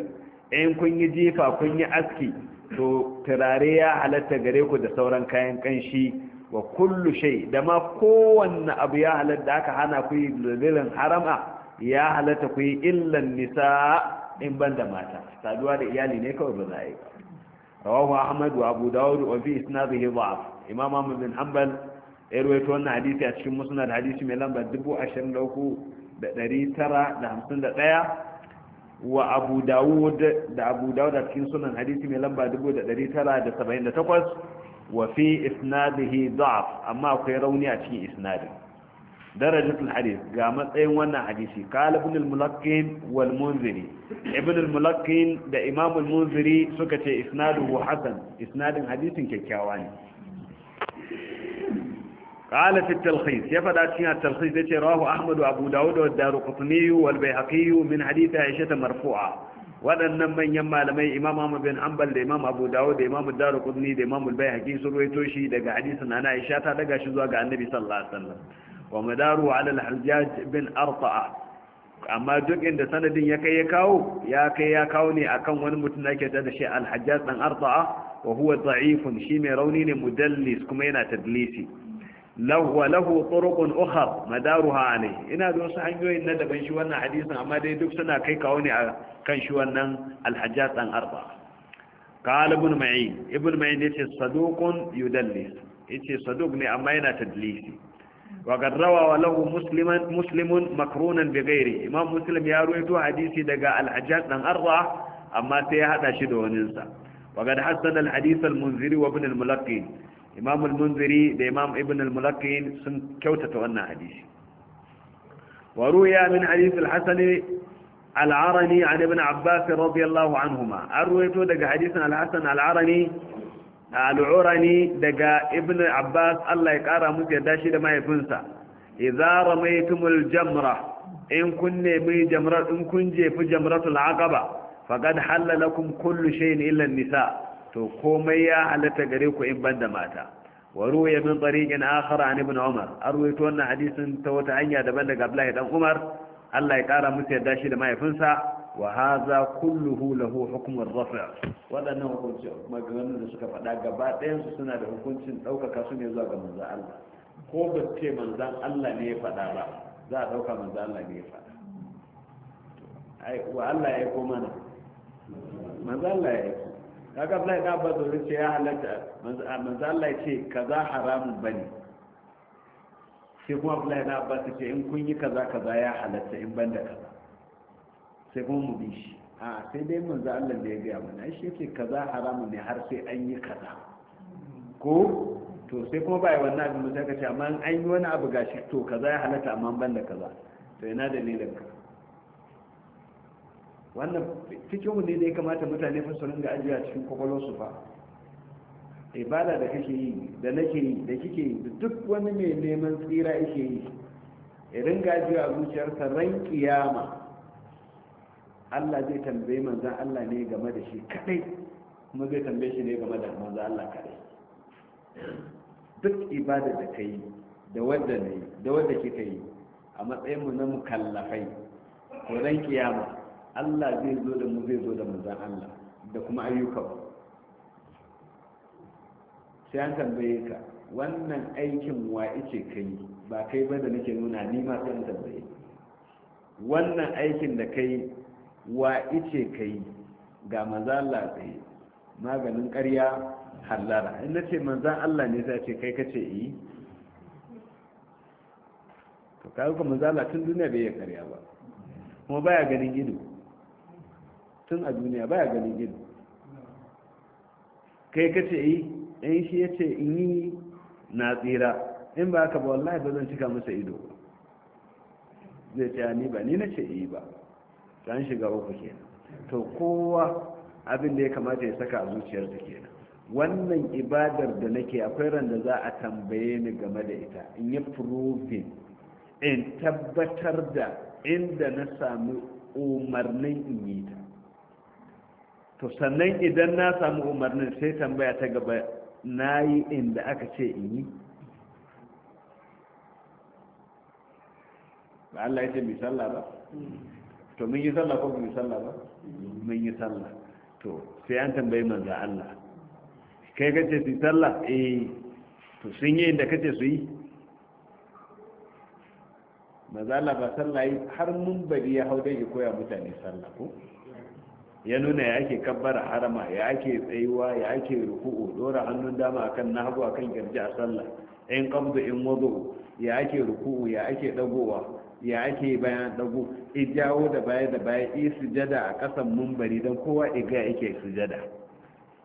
in kun yi jifa kun yi aski to turare ya halatta gare ku da sauran kayan kanshi wa kullu shay da ma kowanne abu ya halatta aka hana ku yi dalilin harama ya halatta ku yi illan nisa in banda mata saduwa da iyali ne kawai ba za yi ba rawahu ahmad wa abu dawud wa fi isnadihi dha'f imam ahmad bin hanbal ya rawaito wannan hadisi a cikin musnad hadisi mai lamba 23951 wa abu dawud da abu dawud a cikin sunan hadisi mai lamba 1978 wa fi isnadihi da'af amma akwai rauni a cikin isnadin darajatul hadis ga matsayin wannan hadisi qala ibn al mulaqqin wal munziri ibn al mulaqqin da imam al-munziri suka ce isnaduhu hasan isnadin hadisin kyakkyawa ne قال في التلخيص يفد أتشين التلخيص يتي رواه أحمد وأبو داوود والدار قطني والبيحقي من حديث عائشة مرفوعة ودن نمين يما لمي إمام أحمد بن حنبل لإمام أبو داود لإمام الدار قطني لإمام البيحقي سروي توشي لقى حديثنا أنا عائشة لقى شزوى قال النبي صلى الله عليه وسلم ومداره على الحجاج بن أرطع أما دوك إن سند يكي يكاو يكي يكاوني أكم ونمتنا كتاد شيء الحجاج بن أرطع وهو ضعيف شيمي روني مدلس كمينة تدليسي wa lahu turuqun ukhar madaruha alayhi ina da wasu hanyoyin na daban shi wannan hadisin amma dai duk suna kai kawo ne kan shi wannan alhajjat dan arba qala ibn ma'in ibn ma'in yace saduqun yudallis yace saduq ne amma yana tadlisi wa qad rawa lahu musliman muslimun makrunan bi ghairi imam muslim ya ruwaito hadisi daga alhajjat dan arba amma sai ya hada shi da waninsa وقد حسن الحديث المنذري وابن الملقين imam al-munziri da imam ibn al-mulaqqin sun kyautata wannan hadisi wa ruya min hadith al-hasan al-arani an ibn abbas radiyallahu anhuma arwayto daga hadisin al-hasan al-arani al-urani daga ibn abbas Allah ya kara musu yadda shi da mahaifinsa idza ramaytumul jamra in kun mai jamra in kun jefi jamratul aqaba faqad halalakum kullu shay'in illa an-nisa' to komai ya halatta gare ku in banda mata wa ruwaya min tariqin akhar an ibn umar arwaito wannan hadisin ta wata hanya daban daga abdullahi dan umar Allah ya kara musu yadda shi da mahaifinsa wa hadha kulluhu lahu hukm ar-raf' wadannan hukunci maganganun da suka faɗa gaba ɗayan su suna da hukuncin ɗaukaka su ne zuwa ga manzon Allah ko ba ce manzon Allah ne ya faɗa ba za a ɗauka manzon Allah ne ya faɗa ai wa Allah ya yi ko mana manzon Allah ya yi kaga Abdullahi da Abbas zuri ce ya halatta manzo Allah ya ce kaza haramun bane sai kuma ya da Abbas ce in kun yi kaza kaza ya halatta in banda kaza sai kuma mu bi shi a sai dai manzo Allah da ya ga mana shi yake kaza haramun ne har sai an yi kaza ko to sai kuma bai wannan abin da ka ce amma an yi wani abu gashi to kaza ya halatta amma ban da kaza to ina dalilin ka wannan fikinmu ne da ya kamata mutane fa su ringa ajiya cikin kwakwalwarsu fa ibada da kake yi da nake yi da kike yi da duk wani mai neman tsira yake yi irin gajiya a zuciyarsa ran kiyama Allah zai tambaye manzan Allah ne game da shi kadai kuma zai tambaye shi ne game da manzan Allah kadai duk ibada da ka yi da wadda ne da wadda kika yi a matsayin mu na mukallafai ko ran kiyama Allah zai zo da mu zai zo da manzan Allah da kuma ayyukan sai an tambaye ka wannan aikin wa ice kai ba kai ba da nake nuna ni ma sai an tambaye wannan aikin da kai wa ice kai ga manzan Allah tsaye maganin ƙarya hallara in na ce manzan Allah ne zai ce kai kace yi eh. to kawo kuma manzan tun duniya bai yi ƙarya ba kuma baya ganin ido tun a duniya baya ganin gidi kai ka ce yi eh, in shi ya ce in yi na tsira in ba ka ba wallahi ba zan cika masa ido zai ce ah, ni ba ni na ce yi eh ba an shiga uku kenan to kowa abin da ya kamata ya saka a ta kenan wannan ibadar da nake akwai randa za a tambaye ni game da ita in yi proving in tabbatar da inda na sami umarnin in yi ta to sannan idan na samu umarnin sai tambaya ta gaba na yi inda aka ce in yi ba Allah ya ce mai sallah ba to mun yi sallah ko mai yi sallah ba mun yi sallah to sai an tambayi manza Allah kai kace su yi sallah eh to sun yi inda kace su yi manza Allah ba sallah har mun bari ya hau dai ya koya mutane sallah ko ya nuna ya ake kabbara harama ya ake tsayuwa ya ake ruku'u dora hannun dama akan nahgu akan kirji a sallah in qabdu in wudu ya ake ruku'u ya ake dagowa ya ake bayan dago ijawo da baya da baya yi sujada a kasan mumbari don kowa iga yake sujada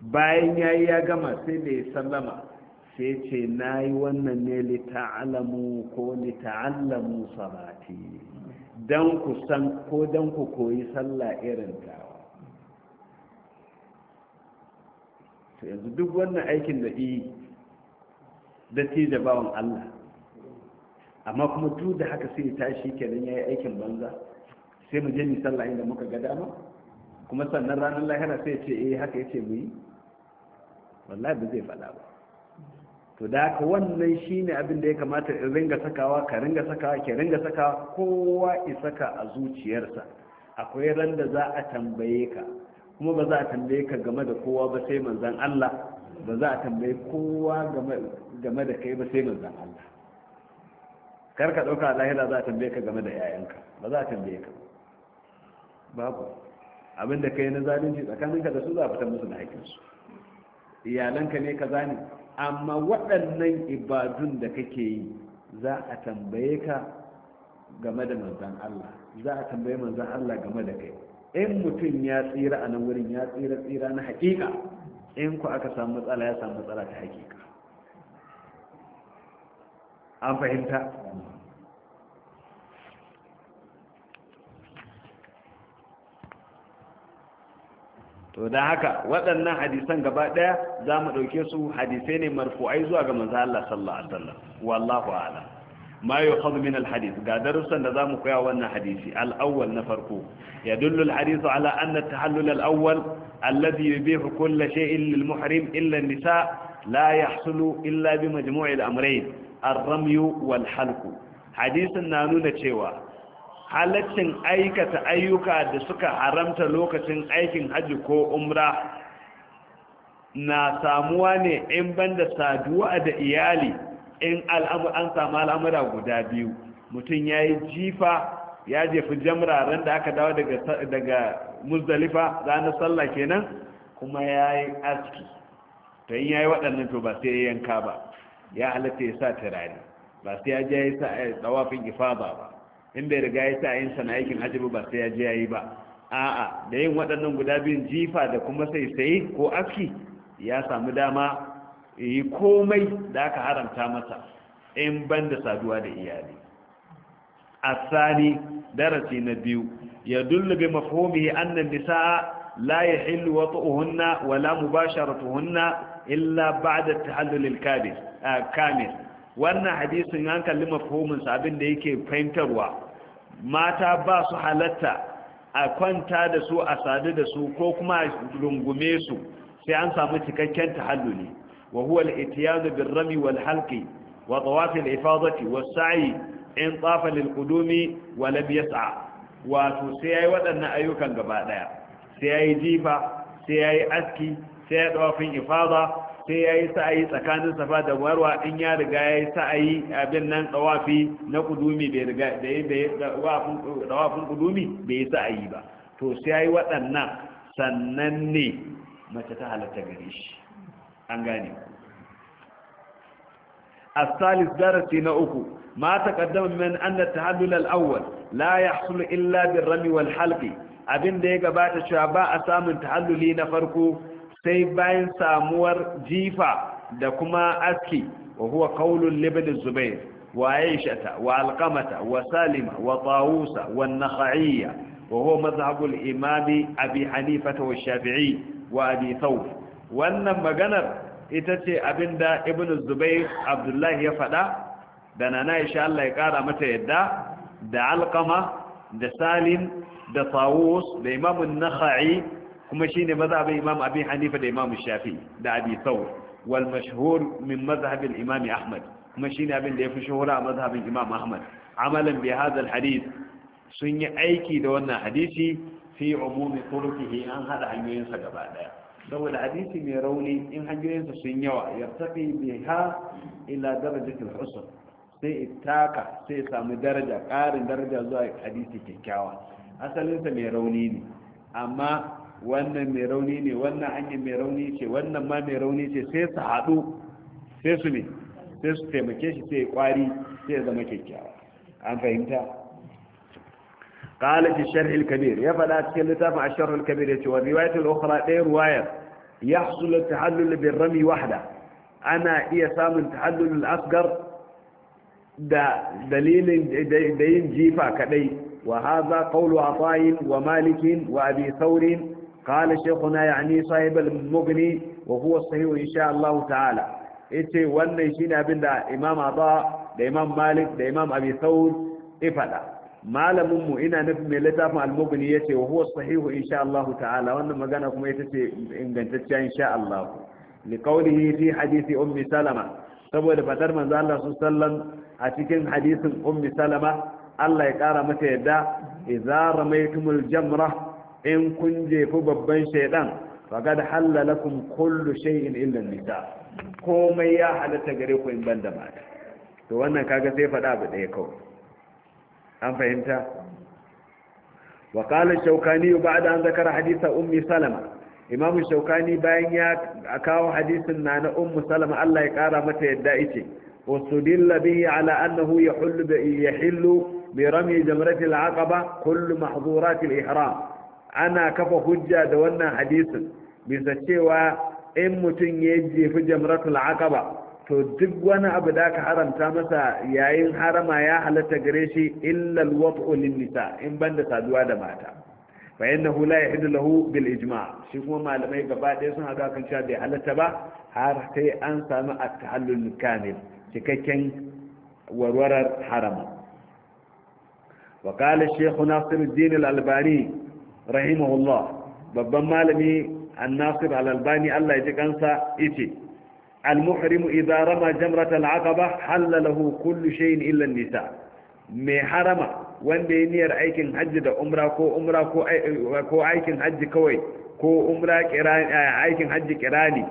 bayan yayi ya gama sai da sallama sai ce nayi wannan ne ta'lamu ko lita'allamu salati dan ku san ko dan ku koyi sallah irinta to yanzu duk wannan aikin da yi da da bawan Allah amma kuma duk da haka sai tashi kenan yayi aikin banza sai mu je ni inda muka ga dama kuma sannan ranar lahira sai ce eh haka yace mu yi wallahi ba zai faɗa ba to da haka wannan shine abin da ya kamata in ringa sakawa ka ringa sakawa ke ringa sakawa kowa isaka a zuciyarsa akwai ran da za a tambaye ka kuma ba za a tambaye ka game da kowa ba sai manzan Allah ba za a tambaye kowa game da kai ba sai manzan Allah kar ka ɗauka lahira za a tambaye ka game da yayanka ba za a tambaye ka babu abinda kai na zalunci tsakaninka da su za a fitar musu da su. iyalanka ne ka zane amma waɗannan ibadun da kake yi za a tambaye ka game da manzan Allah za a tambaye manzan Allah game da kai in mutum ya tsira a nan wurin ya tsira tsira na hakika in ku aka samu matsala ya samu matsala ta hakika an fahimta to da haka waɗannan hadisan gaba ɗaya za mu ɗauke su hadisai ne marfu'ai zuwa ga manzo Allah sallallahu alaihi wasallam wallahu a'lam ma yukhadhu min alhadith ga darussan da zamu koya wannan hadisi al'awwal na farko dullu alhadithu ala anna tahallul al-awwal ya yubihu kull shay'in lil muhrim illa nisa la yahsulu illa bi majmu'i al-amrayn wal halku hadisin na nuna cewa halaccin aikata ayyuka da suka haramta lokacin aikin hajji ko umra na samuwa ne in banda saduwa da iyali in an samu al'amura guda biyu mutum ya yi jifa ya jefi jamraren da aka dawo daga Muzalifa ranar sallah kenan kuma ya yi aski ta yi ya yi waɗannan to ba sai ya yanka ba ya halatta ya sa turare ba sai ya je ya yi sa a eh, tsawafin ifa ba in bai riga ya sa a yin sana aikin ba sai ya je ya yi ba a'a da yin waɗannan guda biyun jifa da kuma sai sai ko aski ya samu dama yi komai da aka haramta masa in ban da saduwa da iyali a sani darasi na biyu ya dullu bi mafhumihi anna nisaa la yahillu wat'uhunna wa la mubasharatuhunna illa ba'da tahallul al-kabir kamil wannan hadisin an kalli mafhumin sa abin da yake fahimtarwa mata ba su halatta a kwanta da su a sadu da su ko kuma rungume su sai an samu cikakken tahalluli وهو الاتياد بالرمي والحلق وطواف الإفاظة والسعي إن طاف للقدوم ولم يسعى وسيأي ودن أيوكا قبادا سيأي جيفا سيأي أسكي سيأي طواف إفاظة sai ya yi tsakanin sa safa da warwa in ya riga ya yi sa'ayi abin nan tsawafi na kudumi bai riga yi ba to sai ya yi sannan ne mace ta halarta gare shi an gane الثالث درسي min ما تقدم من أن la الأول لا يحصل إلا بالرمي والحلق abin da ya gabata cewa ba a samun tahalluli na farko sai bayan samuwar jifa da kuma aski wa huwa qaulul libn zubair wa aishata wa alqamata wa salima wa tawusa wa nakhaiya wa huwa madhhabul imam abi hanifa wa shafi'i wa abi wannan maganar ita ce abinda ibn zubair abdullahi ya faɗa da nana isha Allah ya kara mata yadda da alkama da salim da tawus da imamun nakha'i kuma shine mazhabin imam abin hanifa da imam shafi da abi thawr wal mashhur min mazhabin imam ahmad kuma shine abin da yafi shuhura a mazhabin imam ahmad amalan bi hadal hadith sun yi aiki da wannan hadisi fi umumi turkihi an hada hanyoyinsa gaba daya saboda hadisi mai rauni in hanyoyinsa sun yawa ya tafi biha ila darajatul husn sai itaka sai samu daraja Karin daraja zuwa hadisi kyakkyawa asalinsa mai rauni ne amma wannan mai rauni ne wannan hanyar mai rauni ce wannan ma mai rauni ce sai su haɗu sai su ne sai su taimake shi sai kwari sai zama kyakkyawa an fahimta قال في الشرح الكبير فلات في مع الشرح الكبير والرواية الأخرى أي رواية يحصل التحلل بالرمي وحده أنا إيه سام التحلل الأصغر دا دليل دين جيفا كدي وهذا قول عطاء ومالك وأبي ثور قال شيخنا يعني صاحب المغني وهو الصحيح إن شاء الله تعالى إنت وانا يشينا أبن إمام عطاء دا إمام مالك دا إمام أبي ثور إفلا malamin mu ina nufin mai littafin al ya ce, wa huwa sahihu insha Allah ta'ala wannan magana kuma ita ce ingantacciya insha Allah li qawlihi fi hadisi ummi salama saboda fadar manzo Allah sallan a cikin hadisin ummi salama Allah ya kara mata yadda idza ramaytumul jamra in kun jefu babban shaydan faqad halalakum kullu shay'in illa nisa komai ya halatta gare ku in banda mata to wannan kaga sai fada abu daya kawai an fahimta wa kala shaukani ba'da an zakara hadisa ummi salama imam shaukani bayan ya kawo hadisin na na ummu salama Allah ya kara mata yadda yake wa sudilla bihi ala annahu yahullu bi yahillu bi rami jamrati al-aqaba kullu mahdhurati al-ihram ana kafa hujja da wannan hadisin bisa cewa in mutum ya jefi jamratul aqaba to duk wani abu da ka haramta masa yayin harama ya halatta gare shi illa alwat'u lin nisa in banda saduwa da mata fa innahu la ya lahu bil ijma' shi kuma malamai gaba ɗaya sun haɗu kan cewa bai halatta ba har sai an samu at-tahallul kamil cikakken warwarar harama وقال الشيخ ناصر الدين الألباني رحمه الله babban malami annasir albani allah ya ji kansa ite المحرم إذا رمى جمرة العقبة حل له كل شيء إلا النساء mai harama wanda ya niyyar aikin hajji da umra ko umra ko aikin hajji kawai ko umra aikin hajji kirani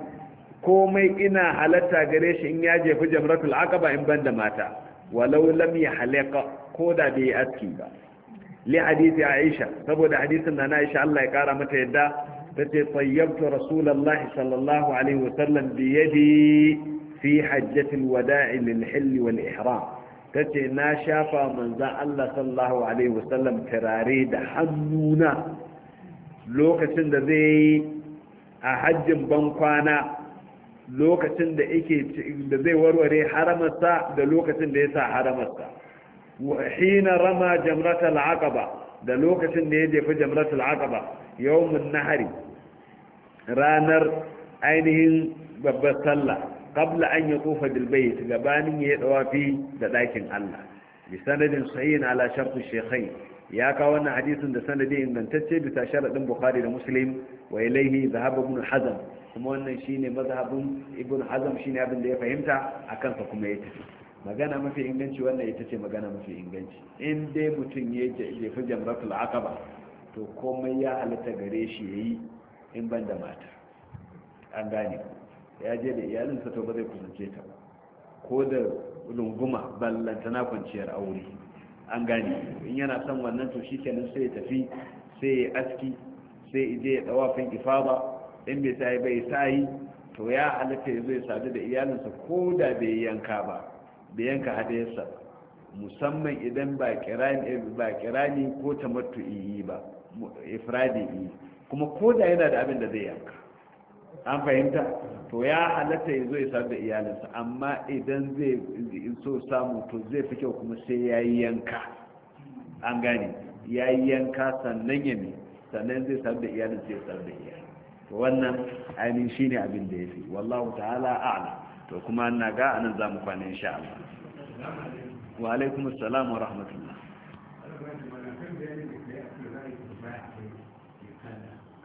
ina halatta gare shi in ya jefi jamratul aqaba in banda mata walau lam yahlaqa ko da bai aski ba li hadisi aisha saboda hadisin na aisha Allah ya kara mata yadda تتي طيبت رسول الله صلى الله عليه وسلم بيدي في حجة الوداع للحل والإحرام تتي ناشافا من ذا الله صلى الله عليه وسلم تراري دحنونا لوكتن دا زي أحج بنقوانا lokacin da yake da zai warware haramarsa da lokacin da ya sa haramarsa hina rama jamratul aqaba da lokacin da ya jefa jamratul aqaba yawmun nahari ranar ainihin babbar sallah qabla an yatufa bil bayt gabanin ya dawafi da dakin Allah bi sanadin sahihin ala shart ya kawo wannan hadisin da sanadi ingantacce bisa sharadin bukhari da muslim wa ilayhi dhahab ibn hazm kuma wannan shine mazhabin ibn hazm shine abin da ya fahimta akan sa kuma ya tafi magana mafi inganci wannan ita ce magana mafi inganci in dai mutum ya jefi jamratul aqaba to komai ya halatta gare shi yayi in ban da mata an gane ya je da iyalinsa to ba zai kusance ta ba ko da runguma ballanta na kwanciyar aure an gane in yana son wannan to shi sai ya tafi sai ya aski sai ya je ya dawafin ifaba in bai sai bai sai to ya halatta ya zo ya sadu da iyalinsa ko da bai yanka ba bai yanka hadayarsa musamman idan ba kirani ba kirani ko tamattu'i ba ifradi kuma ko da yana da abin da zai yanka an fahimta to ya halatta ya zo ya sami da iyalinsa amma idan zai so samu to zai fi kyau kuma sai ya yi yanka an gane ya yi yanka sannan ya ne sannan zai sami da iyalinsa ya sami da To wannan ainihin shi ne abin da ya fi wallahu ta'ala a'ala to kuma na ga anan za mu kwana sha Allah wa alaikumus salam wa rahmatullah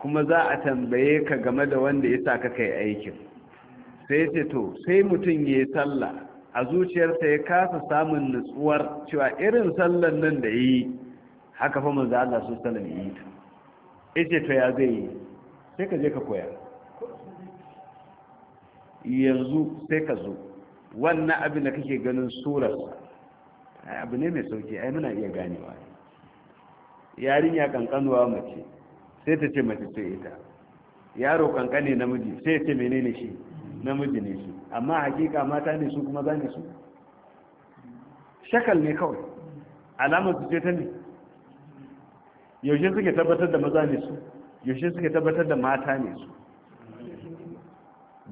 kuma za a tambaye ka game da wanda ya sa ka kai aikin sai ce to sai mutum ya yi sallah a zuciyarsa ya kasa samun nutsuwar cewa irin sallan nan da yi haka fa manzo Allah su sallan yi ta yace to ya zai yi sai ka je ka koya yanzu sai ka zo wannan abin da kake ganin surarsa abu ne mai sauki ai muna iya ganewa yarinya kankanuwa mace sai ta ce mace ce ita yaro kankane namiji sai ce menene shi namiji ne shi amma hakika mata ne su kuma zane su shakal ne kawai alamar su ce ta ne yaushe suke tabbatar da maza ne su yaushe suke tabbatar da mata ne su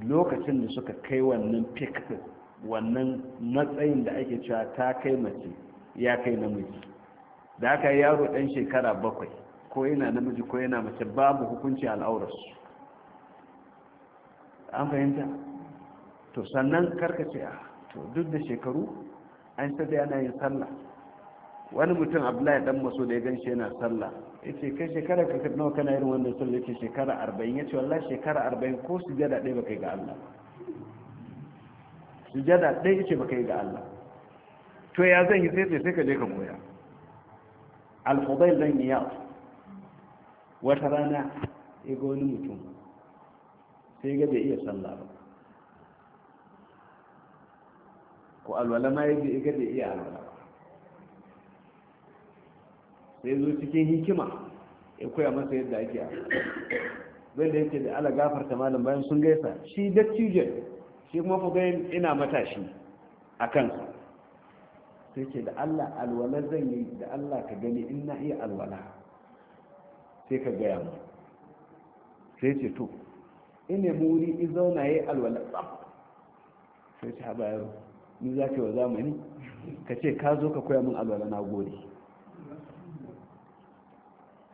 lokacin da suka kai wannan fikir wannan matsayin da ake cewa ta kai mace ya kai namiji da aka yaro dan shekara bakwai ko yana namiji ko yana mace babu hukunci al'aurarsu an fahimta to sannan karkace a ah, to duk da shekaru an sada yana yin sallah wani mutum abdullahi dan maso da ya gan shi yana sallah ya ce kai shekara ka nawa kana irin wannan sallah ya ce shekara arba'in ya ce wallahi shekara arba'in ko jada ɗaya ba kai ga allah jada ɗaya ya ce ba kai ga allah to ya zan yi sai sai ka je ka koya al-fudayl dan iyad wata rana ya ga wani mutum sai ga bai iya sallah ba ko alwala ma ya ga bai iya alwala ba sai zo cikin hikima ya koya masa yadda ake a zai da yake da ala gafarta malam bayan sun gaisa shi dattijo shi kuma fa bayan ina matashi a kansa sai ce da allah alwala zan yi da allah ka gani in na iya alwala sai ka gaya mu sai ce to ina muri in zauna ya yi alwala tsam sai ce haɓa yaro ni za ke wa zamani ka ce ka zo ka koya min alwala na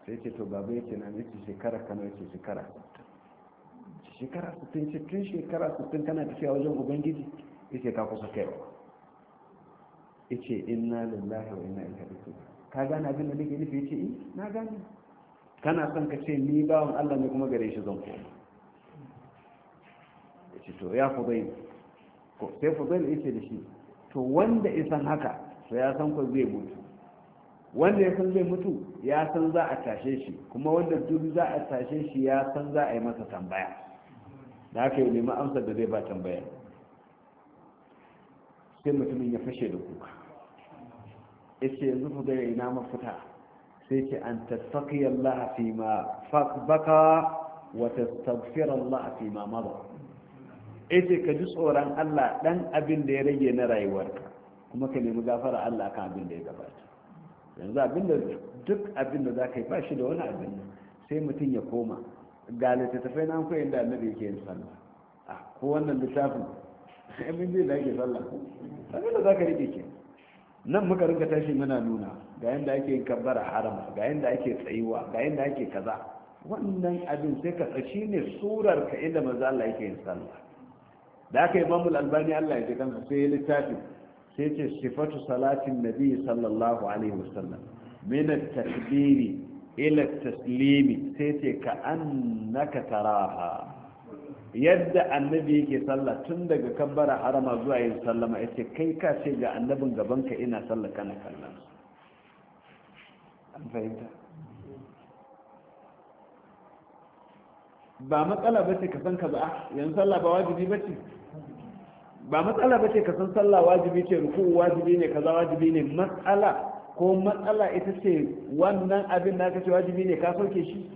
sai ce to baba yake na mace shekara kana yake shekara shekara 60 ce tun shekara 60 kana tafiya wajen ubangiji yake ka kusa kaiwa yace inna lillahi wa inna ilaihi raji'un ka gane abin da nake nufi yace eh na gane kana son ka ce ni bawan Allah ne kuma gare shi zan koma ya ce to ya ko sai fudail ya ce da shi to wanda isan haka to ya san ko zai mutu wanda ya san zai mutu ya san za a tashe shi kuma wanda duk za a tashe shi ya san za a yi masa tambaya da haka yi nemi amsar da zai ba tambaya sai mutumin ya fashe da kuka ya ce yanzu fudail ina mafita sai ce an tattaki Allah ma baka wa tafiyar Allah fi ma mada eh, ce ka ji tsoron Allah ɗan abin da ya rage na rayuwarka kuma ka nemi gafara Allah kan abin da ya gabata yanzu abin da duk abin da za ka yi ba shi da wani abin sai mutum ya koma ga littattafai na koyin da annabi yake yin sallah a ah, ko wannan littafin abin zai da ake sallah abin da za ka rike ke nan muka rinka tashi muna nuna ga yadda ake yin kabbara harama ga yadda ake tsayuwa ga yadda ake kaza wannan abin sai ka tsaci ne surar ka inda manzo Allah yake yin sallah da aka yi mamul albani Allah ya ji kansa sai ya littafi sai ce sifatu salatin nabi sallallahu alaihi wasallam min at-takbiri ila at-taslimi sai ce ka annaka taraha yadda annabi yake sallah tun daga kabbara harama zuwa yin sallama ya ce kai ka ce ga annabin gabanka ina sallah kana kallon an ba matsala ba ce ka san ka za'a yin sallah ba wajibi ba ce ba matsala ba ce ka san sallah wajibi ce ruku wajibi ne kaza wajibi ne matsala ko matsala ita ce wannan abin da ka ce wajibi ne ka sauke shi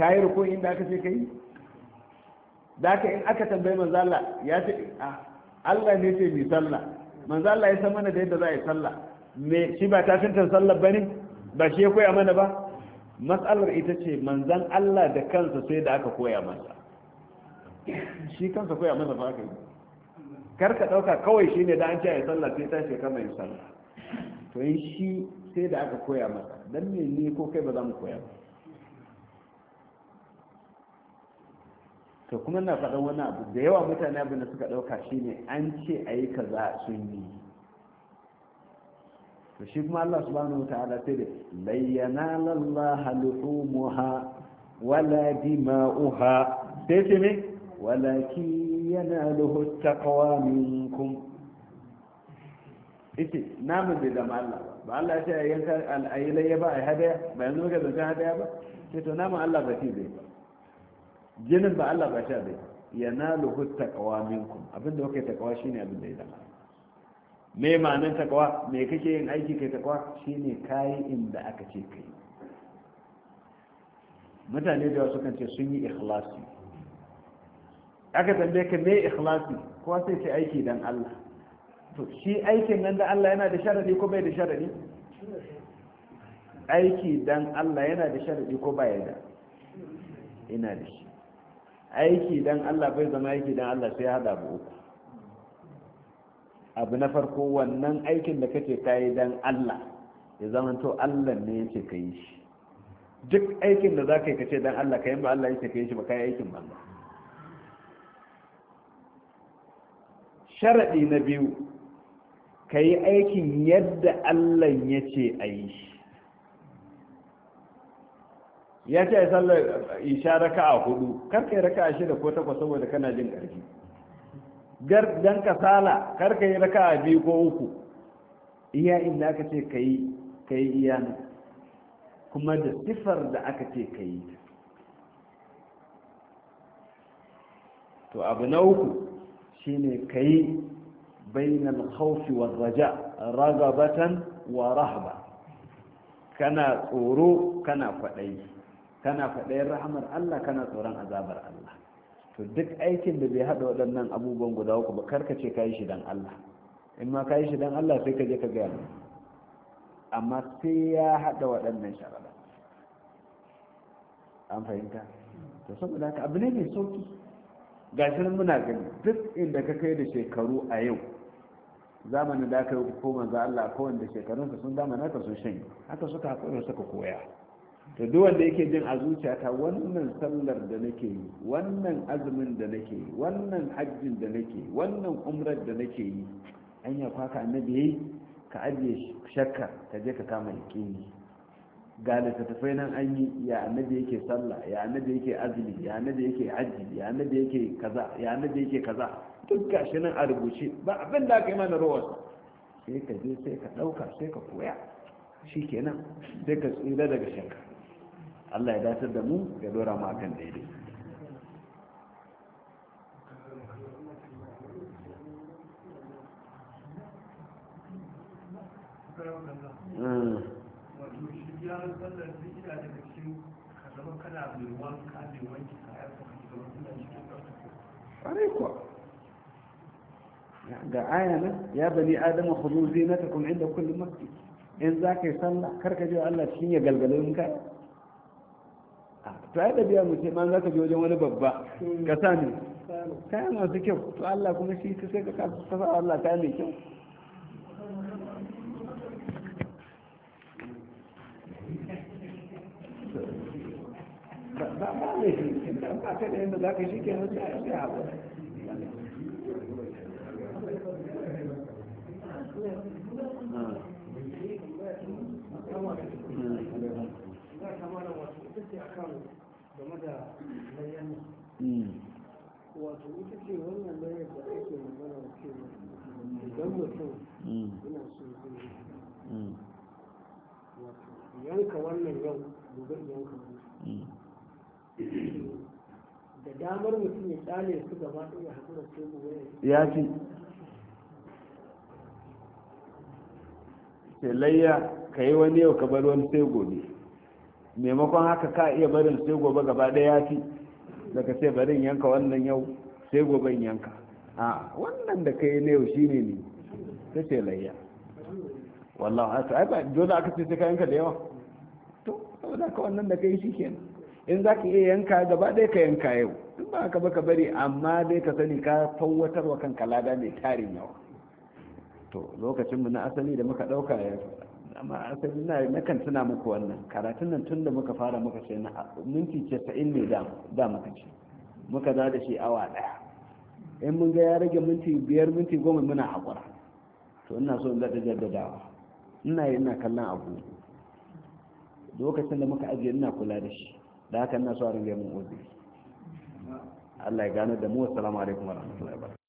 ka yi rukun inda aka ce ka yi da haka in aka tambayi manzala ya ce Allah ne ce mai sallah manzala ya san mana da yadda za a yi sallah me shi ba tafintar sallah ba ne ba shi ya koya mana ba matsalar ita ce manzan Allah da kansa sai da aka koya masa shi kansa koya masa ba ka yi kar ka ɗauka kawai shi ne da an ce a yi sallah sai ta kama yi sallah to in shi sai da aka koya masa don me ne ko kai ba za mu koya ba to kuma na faɗa wani abu da yawa mutane abin da suka ɗauka shine an ce a yi kaza sun yi to shi kuma Allah subhanahu wata'ala sai da layyana lallaha luhumuha wala dima'uha sai ce ne yana yanaluhu taqwa minkum ita namun bai zama Allah ba Allah ya ce a yi al'ayyalai ba a hadaya ba yanzu muka zancen hadaya ba sai to namun Allah ba shi zai ba jinin ba Allah ba sha bai yanaluhu takawa minkum abinda kuka taqwa shine abinda ya zama me ma'anin takawa me kake yin aiki kai shi shine kayi inda aka ce kai mutane da wasu kan ce sun yi ikhlasi aka tambaye ka mai ikhlasi kowa sai ce aiki dan Allah to shi aikin nan da Allah yana da sharadi ko bai da sharadi aiki dan Allah yana da sharadi ko bai da ina da shi aiki dan Allah bai zama aiki dan Allah sai hada abu uku abu na farko wannan aikin da kake kai dan Allah ya zama to Allah ne yake kai shi duk aikin da zaka yi kace dan Allah kai ba Allah yake kai shi ba kai aikin ba sharadi na biyu kai aikin yadda Allah yace ayi shi ya ce sallar isha raka a hudu karka yi raka a shida ko takwas saboda kana jin ƙarfi don ka kasala karka yi raka a biyu ko uku iya inda aka ce ka yi ka yi iya kuma da sifar da aka ce ka yi to abu na uku shine ka yi bainal haufi wa raja ragabatan wa rahba kana tsoro kana kwaɗayi kana faɗayin rahamar Allah kana tsoron azabar Allah to duk aikin da bai haɗa waɗannan abubuwan guda uku ba karka ce ka yi shi don Allah in ma ka yi shi don Allah sai ka je ka gaya mu amma sai ya haɗa waɗannan sharaɗa an fahimta to saboda haka abu ne mai sauki gashi nan muna gani duk inda ka kai da shekaru a yau zamanin da aka yi ko za Allah ko wanda shekarunsa sun dama na sun shanye haka suka haƙura suka koya ta duk wanda yake jin a zuciyata wannan sallar da nake yi wannan azumin da nake yi wannan hajjin da nake yi wannan umrar da nake yi an ya kwaka annabi yayi ka ajiye shakka ka je ka kama yaqini ga littattafai nan an yi ya annabi yake sallah ya annabi yake azumi ya annabi yake hajji ya annabi yake kaza ya annabi yake kaza duk gashi nan a rubuce ba abin da aka yi mana rawar sai ka je sai ka ɗauka sai ka koya shikenan sai ka tsira daga shakka Allah ya datar da mu ya dora mu akan daidai ga aya nan ya bani adama khudu zinatakum inda masjid in zaka yi sallah karka je Allah cikin ya galgalo in ka Ah, to ai ɗabi'a mu ce ma za ka je wajen wani babba ka sa ne kaya masu kyau to Allah kuma shi ka sai ka kasa Allah kaya mai kyau ba ba ne ba ka da yadda za ka shi ke nan sai haɓu Thank you. Hmm. ita ce akan wannan hmm. yanka wannan yau hmm. da damar mutum ya tsale su gaba ɗaya haɗu da ya fi layya ka yi wani yau ka bar wani sai gobe maimakon haka ka iya barin sai gobe gaba ɗaya fi daga sai barin yanka wannan yau sai goben yanka a wannan da kai na yau shine ne ta ce layya wallahu ta ai dole aka ce sai ka yanka da yawa to saboda ka wannan da kai shikenan in za ka iya yanka gaba ɗaya ka yanka yau in ba ka baka bari amma dai ka sani ka fawwatar wa kanka lada mai tarin yawa to lokacin mu na asali da muka ɗauka yanzu amma sai na nakan tuna muku wannan karatun nan tun da muka fara muka sai na minti casa'in ne da muka ce muka za da shi awa ɗaya in mun ga ya rage minti biyar minti goma muna haƙura to ina so in zaɗa jaddadawa ina yi ina kallon abu lokacin da muka ajiye ina kula da shi da haka ina so a rage mun uzuri Allah ya gano da mu assalamu alaikum warahmatullahi wabarakatuh